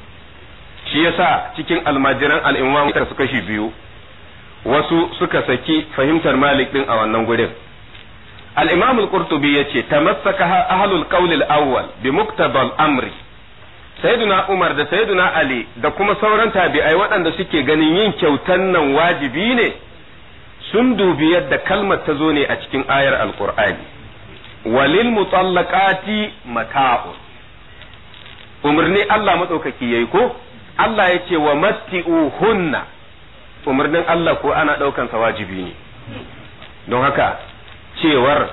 shi yasa cikin almajiran al-imam suka kashi biyu wasu suka saki fahimtar malik din a wannan gurin al-imam al-qurtubi ce tamassaka ahlul qawl al-awwal bi muktabal amri sayyiduna umar da sayyiduna ali da kuma sauran tabi'ai waɗanda suke ganin yin kyautan nan wajibi ne sun dubi yadda kalmar ta zo ne a cikin ayar alkur'ani walil mutallaqati mata'u umarni Allah matsaukaki yayi ko Allah ya ce wa matti'uhunna umarnin Allah ko ana ɗaukansa sa wajibi ne don haka cewar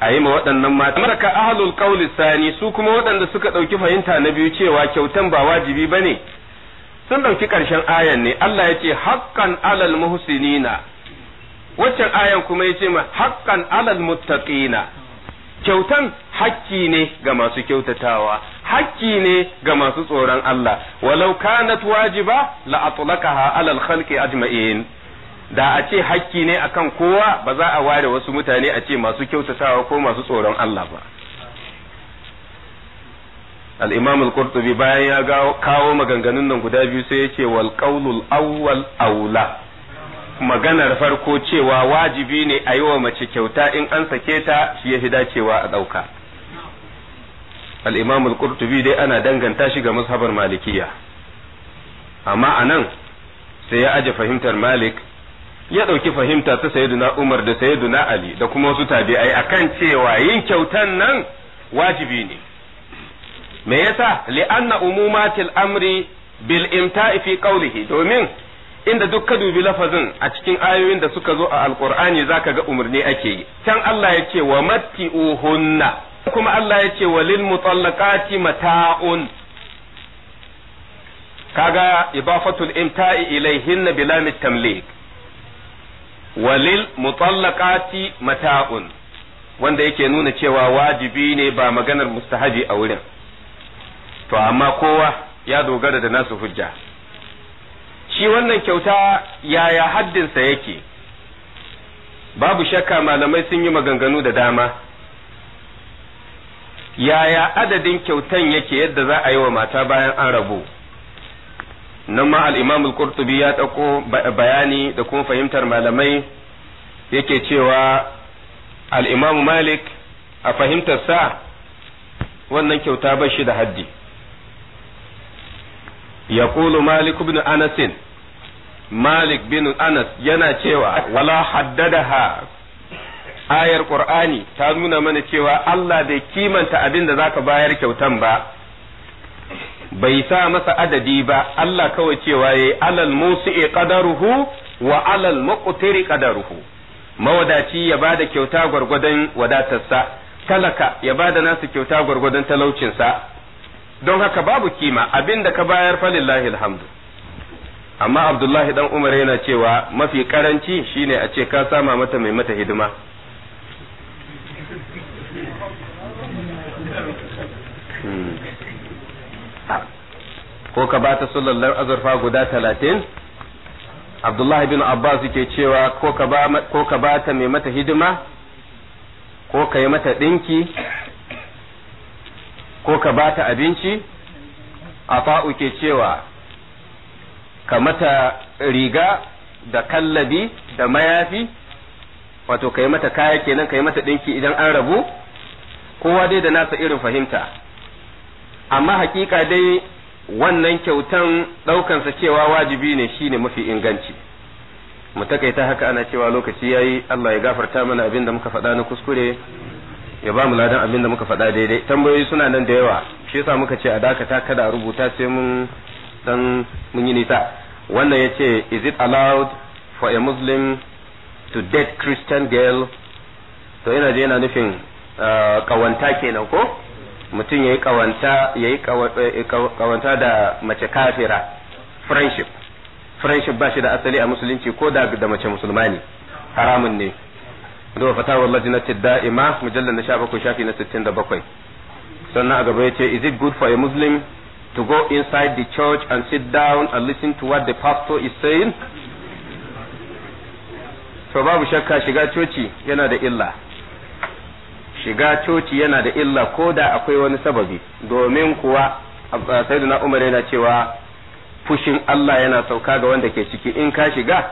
a yi ma waɗannan mata marka ahlul qawli sani su kuma waɗanda suka ɗauki fahimta na biyu cewa kyautan ba wajibi bane sun ɗauki ƙarshen ayan ne Allah ya ce haqqan alal muhsinina waccan ayan kuma ce ma haqqan alal muttaqina kyautan hakki ne ga masu kyautatawa hakki ne ga masu tsoron Allah walau kanat wajiba la atlaqaha alal khalqi ajma'in da a ce hakki ne akan kowa ba za a ware wasu mutane a ce masu kyautatawa ko masu tsoron Allah ba al-imam al-qurtubi bayan ya kawo maganganun nan guda biyu sai yace wal qawlul awwal aula maganar farko cewa wajibi ne a yi wa mace kyauta in an sake ta shi ya dacewa a ɗauka. al’imamu al-qurtubi dai ana danganta shi ga mashabar malikiya amma a nan sai ya aje fahimtar malik ya ɗauki fahimta ta sayyiduna umar da sayyiduna ali da kuma wasu tabi'ai kan cewa yin kyautan nan wajibi ne me yasa li'anna umumatil amri bil imta'i fi qawlihi domin inda duk ka dubi lafazin a cikin ayoyin da suka zo a alkur'ani zaka ga umarni ake yi can Allah ya ce wa matti'uhunna kuma Allah ya ce walil mutallaqati mata'un kaga ibafatul imta'i ilayhinna bila tamlik walil mutallaqati mata'un wanda yake nuna cewa wajibi ne ba maganar mustahabi a wurin to amma kowa ya dogara da nasu hujja shi wannan kyauta yaya haddinsa yake babu shakka malamai sun yi maganganu da dama yaya adadin kyautan yake yadda za a yi wa mata bayan an rabu nan ma al'imamul qurtubi ya ɗauko bayani da kuma fahimtar malamai yake cewa al'imamu malik a fahimtarsa wannan kyauta ba shi da haddi ya malik ibn anasin Malik bin Anas yana cewa wala haddadaha ayar Qur'ani ta nuna mana cewa Allah bai kimanta abin da zaka bayar kyautan ba bai sa masa adadi ba Allah kawai cewa yayi alal musi'i qadaruhu wa alal muqtiri qadaruhu mawadaci ya ba da kyauta gwargwadon wadatarsa talaka ya bada nasu kyauta gwargwadon talaucinsa don haka babu kima abin da ka bayar falillahi alhamdu amma abdullahi dan umar yana cewa mafi karanci shine a ce ka sama mata mai mata hidima hmm. ko ka ba bata sullallar azurfa guda talatin abdullahi bin abbas ke cewa ko ka ba ta mai mata hidima ko ka yi mata ɗinki ko ka ba ta abinci a ke cewa ka mata riga da kallabi da mayafi wato kai mata kaya kenan kai mata dinki idan an rabu kowa dai da nasa irin fahimta amma hakika dai wannan kyautan ɗaukansa cewa wajibi ne shine mafi inganci mu takaita haka ana cewa lokaci yayi Allah ya gafarta mana abin da muka faɗa na kuskure ya ba mu ladan abinda muka faɗa daidai tambayoyi suna nan da yawa shi yasa muka ce a dakata kada a rubuta sai mun dan mun yi nisa wannan ya ce is it allowed for a muslim to date christian girl to ina je yana nufin kawanta uh, kenan ko mutum ya yi kawanta ya yi kawanta eh, eh, da mace kafira friendship friendship ba shi da asali a musulunci ko da da mace musulma ne haramun ne da fatawar lajinatid da'ima mujallar na 17 shafi na 67 sannan a gaba ya ce is it good for a muslim to go inside the church and sit down and listen to what the pastor is saying? To babu shakka shiga coci yana da illa. Shiga coci yana da illa ko da akwai wani sababi, domin kuwa Sayyidina Umar yana cewa fushin Allah yana sauka ga wanda ke ciki in ka shiga,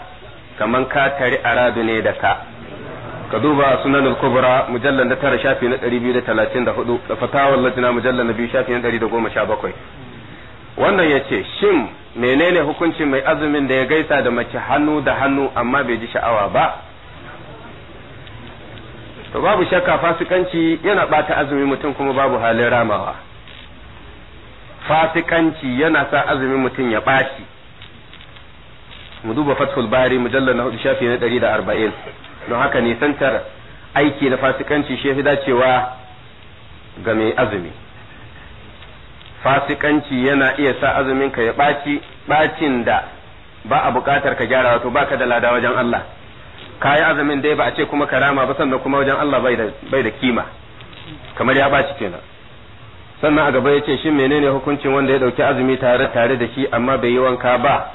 kaman ka tari aradu ne da ka. ka duba sunan al-kubra mujallal na tara shafi na 234 da fatawar lajina mujallal na biyu shafi na 117 wannan ya ce shin menene hukuncin mai azumin da ya gaisa da mace hannu da hannu amma bai ji sha'awa ba to babu shakka fasikanci yana bata azumin mutum kuma babu halin ramawa fasikanci yana sa azumin mutum ya ɓaci mu duba fathul bari mujallar na shafi na ɗari da arba'in don haka nisantar aiki na fasikanci shi ya fi dacewa ga mai azumi fasikanci yana iya sa azumin ka ya ɓaci ɓacin da ba a buƙatar ka gyara wato baka da lada wajen Allah yi azumin dai ba a ce kuma karama ba sannan kuma wajen Allah bai da bai da kima kamar ya ɓaci kenan sannan a gaba ya ce shin menene hukuncin wanda ya ɗauki azumi tare tare da shi amma bai yi wanka ba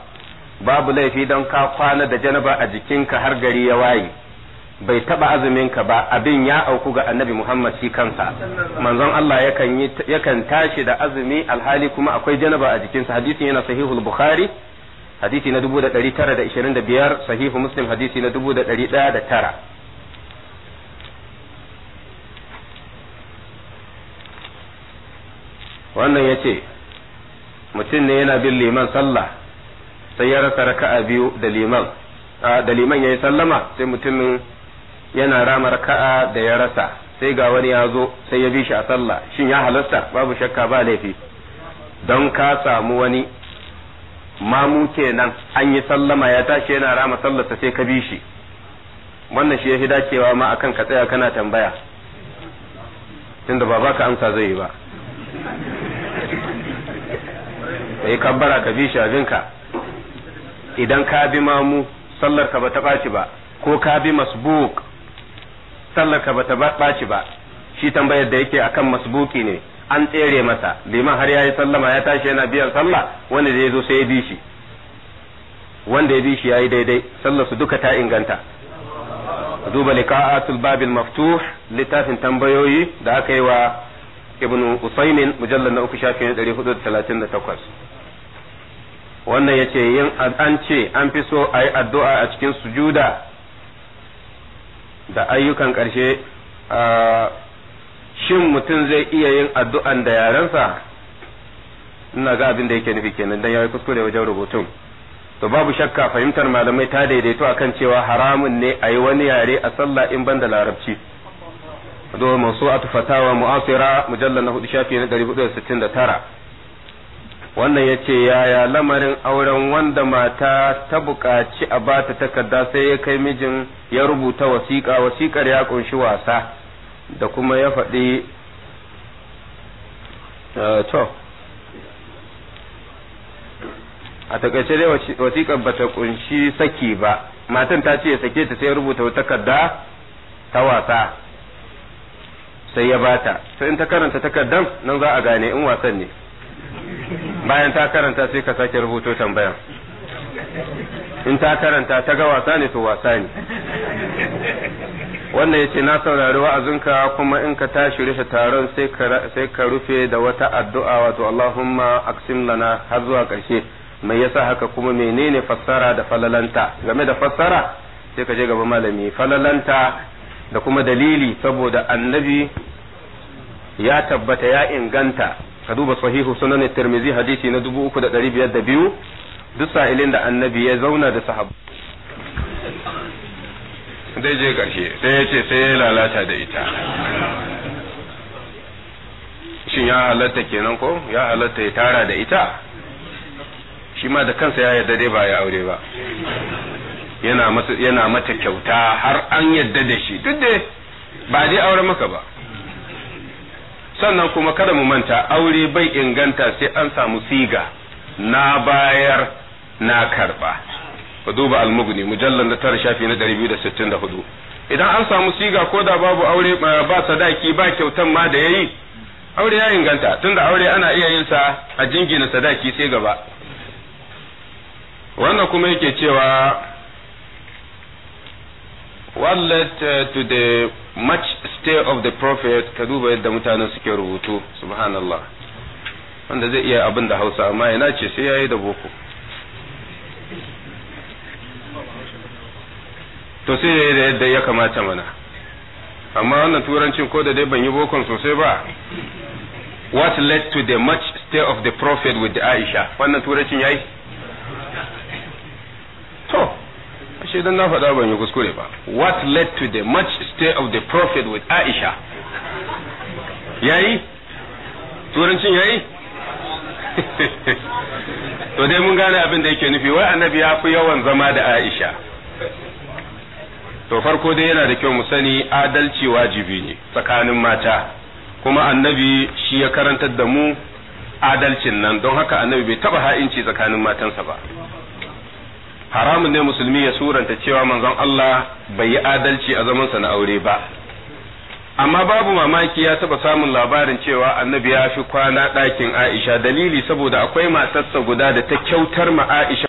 babu laifi don ka kwana da janaba a jikinka har gari ya waye bai taba azumin ka ba abin ya auku ga annabi Muhammad shi kansa manzon Allah yakan yakan tashi da azumi alhali kuma akwai janaba a jikinsa hadisin yana sahihul bukhari hadisi na 1925 sahihu muslim hadisi na 1109 wannan yace mutum ne yana bin liman sallah sai ya rasa raka'a biyu da liman da liman yayi sallama sai mutumin yana rama raka'a da ya rasa sai ga wani ya zo sai ya bi shi a sallah shin ya halasta babu shakka ba laifi don ka samu wani mamu kenan an yi sallama ya tashi yana rama sallarsa sai ka bi shi wannan shi ya fi dacewa ma akan ka tsaya kana tambaya tunda ba baka amsa zai yi ba sai kabbara ka bi shi abinka idan ka bi mamu sallar ka ba ta ɓaci ba ko ka bi masbuk sallar ka bata baci ba shi tambayar da yake akan masbuki ne an tsere masa liman har ya yi sallama ya tashi yana biyan sallah wanda zai zo sai ya bi shi wanda ya bi shi ya yi daidai sallar su duka ta inganta duba liqa'atul babil maftuh littafin tambayoyi da aka yi wa ibnu usaimin mujallar na uku shafin 438 wannan yace yin an ce an fi so a yi addu'a a cikin sujuda da ayyukan ƙarshe shin mutum zai iya yin addu'an da yarensa ina ga abin da yake nufi kenan dan yayi kuskure wajen rubutun to babu shakka fahimtar malamai ta daidaito a kan cewa haramun ne a yi wani yare a sallah in ban da larabci do masu fatawa mu'asira mujallar na hudu shafi na 469 wannan ya ce yaya lamarin auren wanda mata ta buƙaci a ba ta takarda sai ya kai mijin ya rubuta wasiƙa wasiƙar ya ƙunshi wasa da kuma ya faɗi eh, to a takaice dai wasiƙar ba ta ƙunshi saki ba matan ta ce ya sake ta sai rubuta takarda ta wasa sai ya bata sai in ta karanta takardan nan za a gane in wasan ne bayan ta karanta sai ka sake rubuto tambayar in ta karanta ta ga wasa ne to wasa ne wannan ce na saurari wa'azinka kuma in ka tashi rufe taron sai ka rufe da wata addu'a wato Allahumma aksim lana har zuwa ƙarshe mai yasa haka kuma menene fassara da falalanta game da fassara sai ka je gaba malami falalanta da kuma dalili saboda annabi ya tabbata ya inganta ka duba sahihu sunan tirmizi hadisi na 3502 duk sa'ilin da annabi ya zauna da sahabu dai je ƙarshe sai ya ce sai ya lalata da ita shin ya halatta kenan ko ya halatta ya tara da ita shi ma da kansa ya yarda dai ba ya aure ba yana mata kyauta har an yarda da shi duk dai ba dai aure maka ba sannan kuma kada mu manta aure bai inganta sai an samu siga na bayar na karba ku duba almugni mujallal na tara shafi na 264 idan an samu siga ko da babu aure ba sadaki ba kyautan ma da yayi aure ya inganta tunda aure ana iya yin sa a jingina sadaki sai gaba wannan kuma yake cewa one led to the much stay of the prophet ka duba yadda mutanen suke rubutu subhanallah wanda zai iya abin da hausa amma yana ce sai yayi da boko to sai yayi da yadda ya kamata mana amma wannan turancin ko da dai ban yi bokon sosai ba what led to the much stay of the prophet with the aisha wannan turancin yayi to ashe dan na faɗa ban yi kuskure ba what led to the much stay of the prophet with Aisha yayi turancin yayi to dai mun gane abin da yake nufi wai annabi ya fi yawan zama da Aisha to farko dai yana da kyau mu sani adalci wajibi ne tsakanin mata kuma annabi shi ya karantar da mu adalcin nan don haka annabi bai taba ha'inci tsakanin matansa ba haramun ne musulmi ya suranta cewa manzon Allah bai yi adalci a zamansa na aure ba amma babu mamaki ya taba samun labarin cewa annabi ya fi kwana ɗakin Aisha dalili saboda akwai matarsa guda da ta kyautar ma Aisha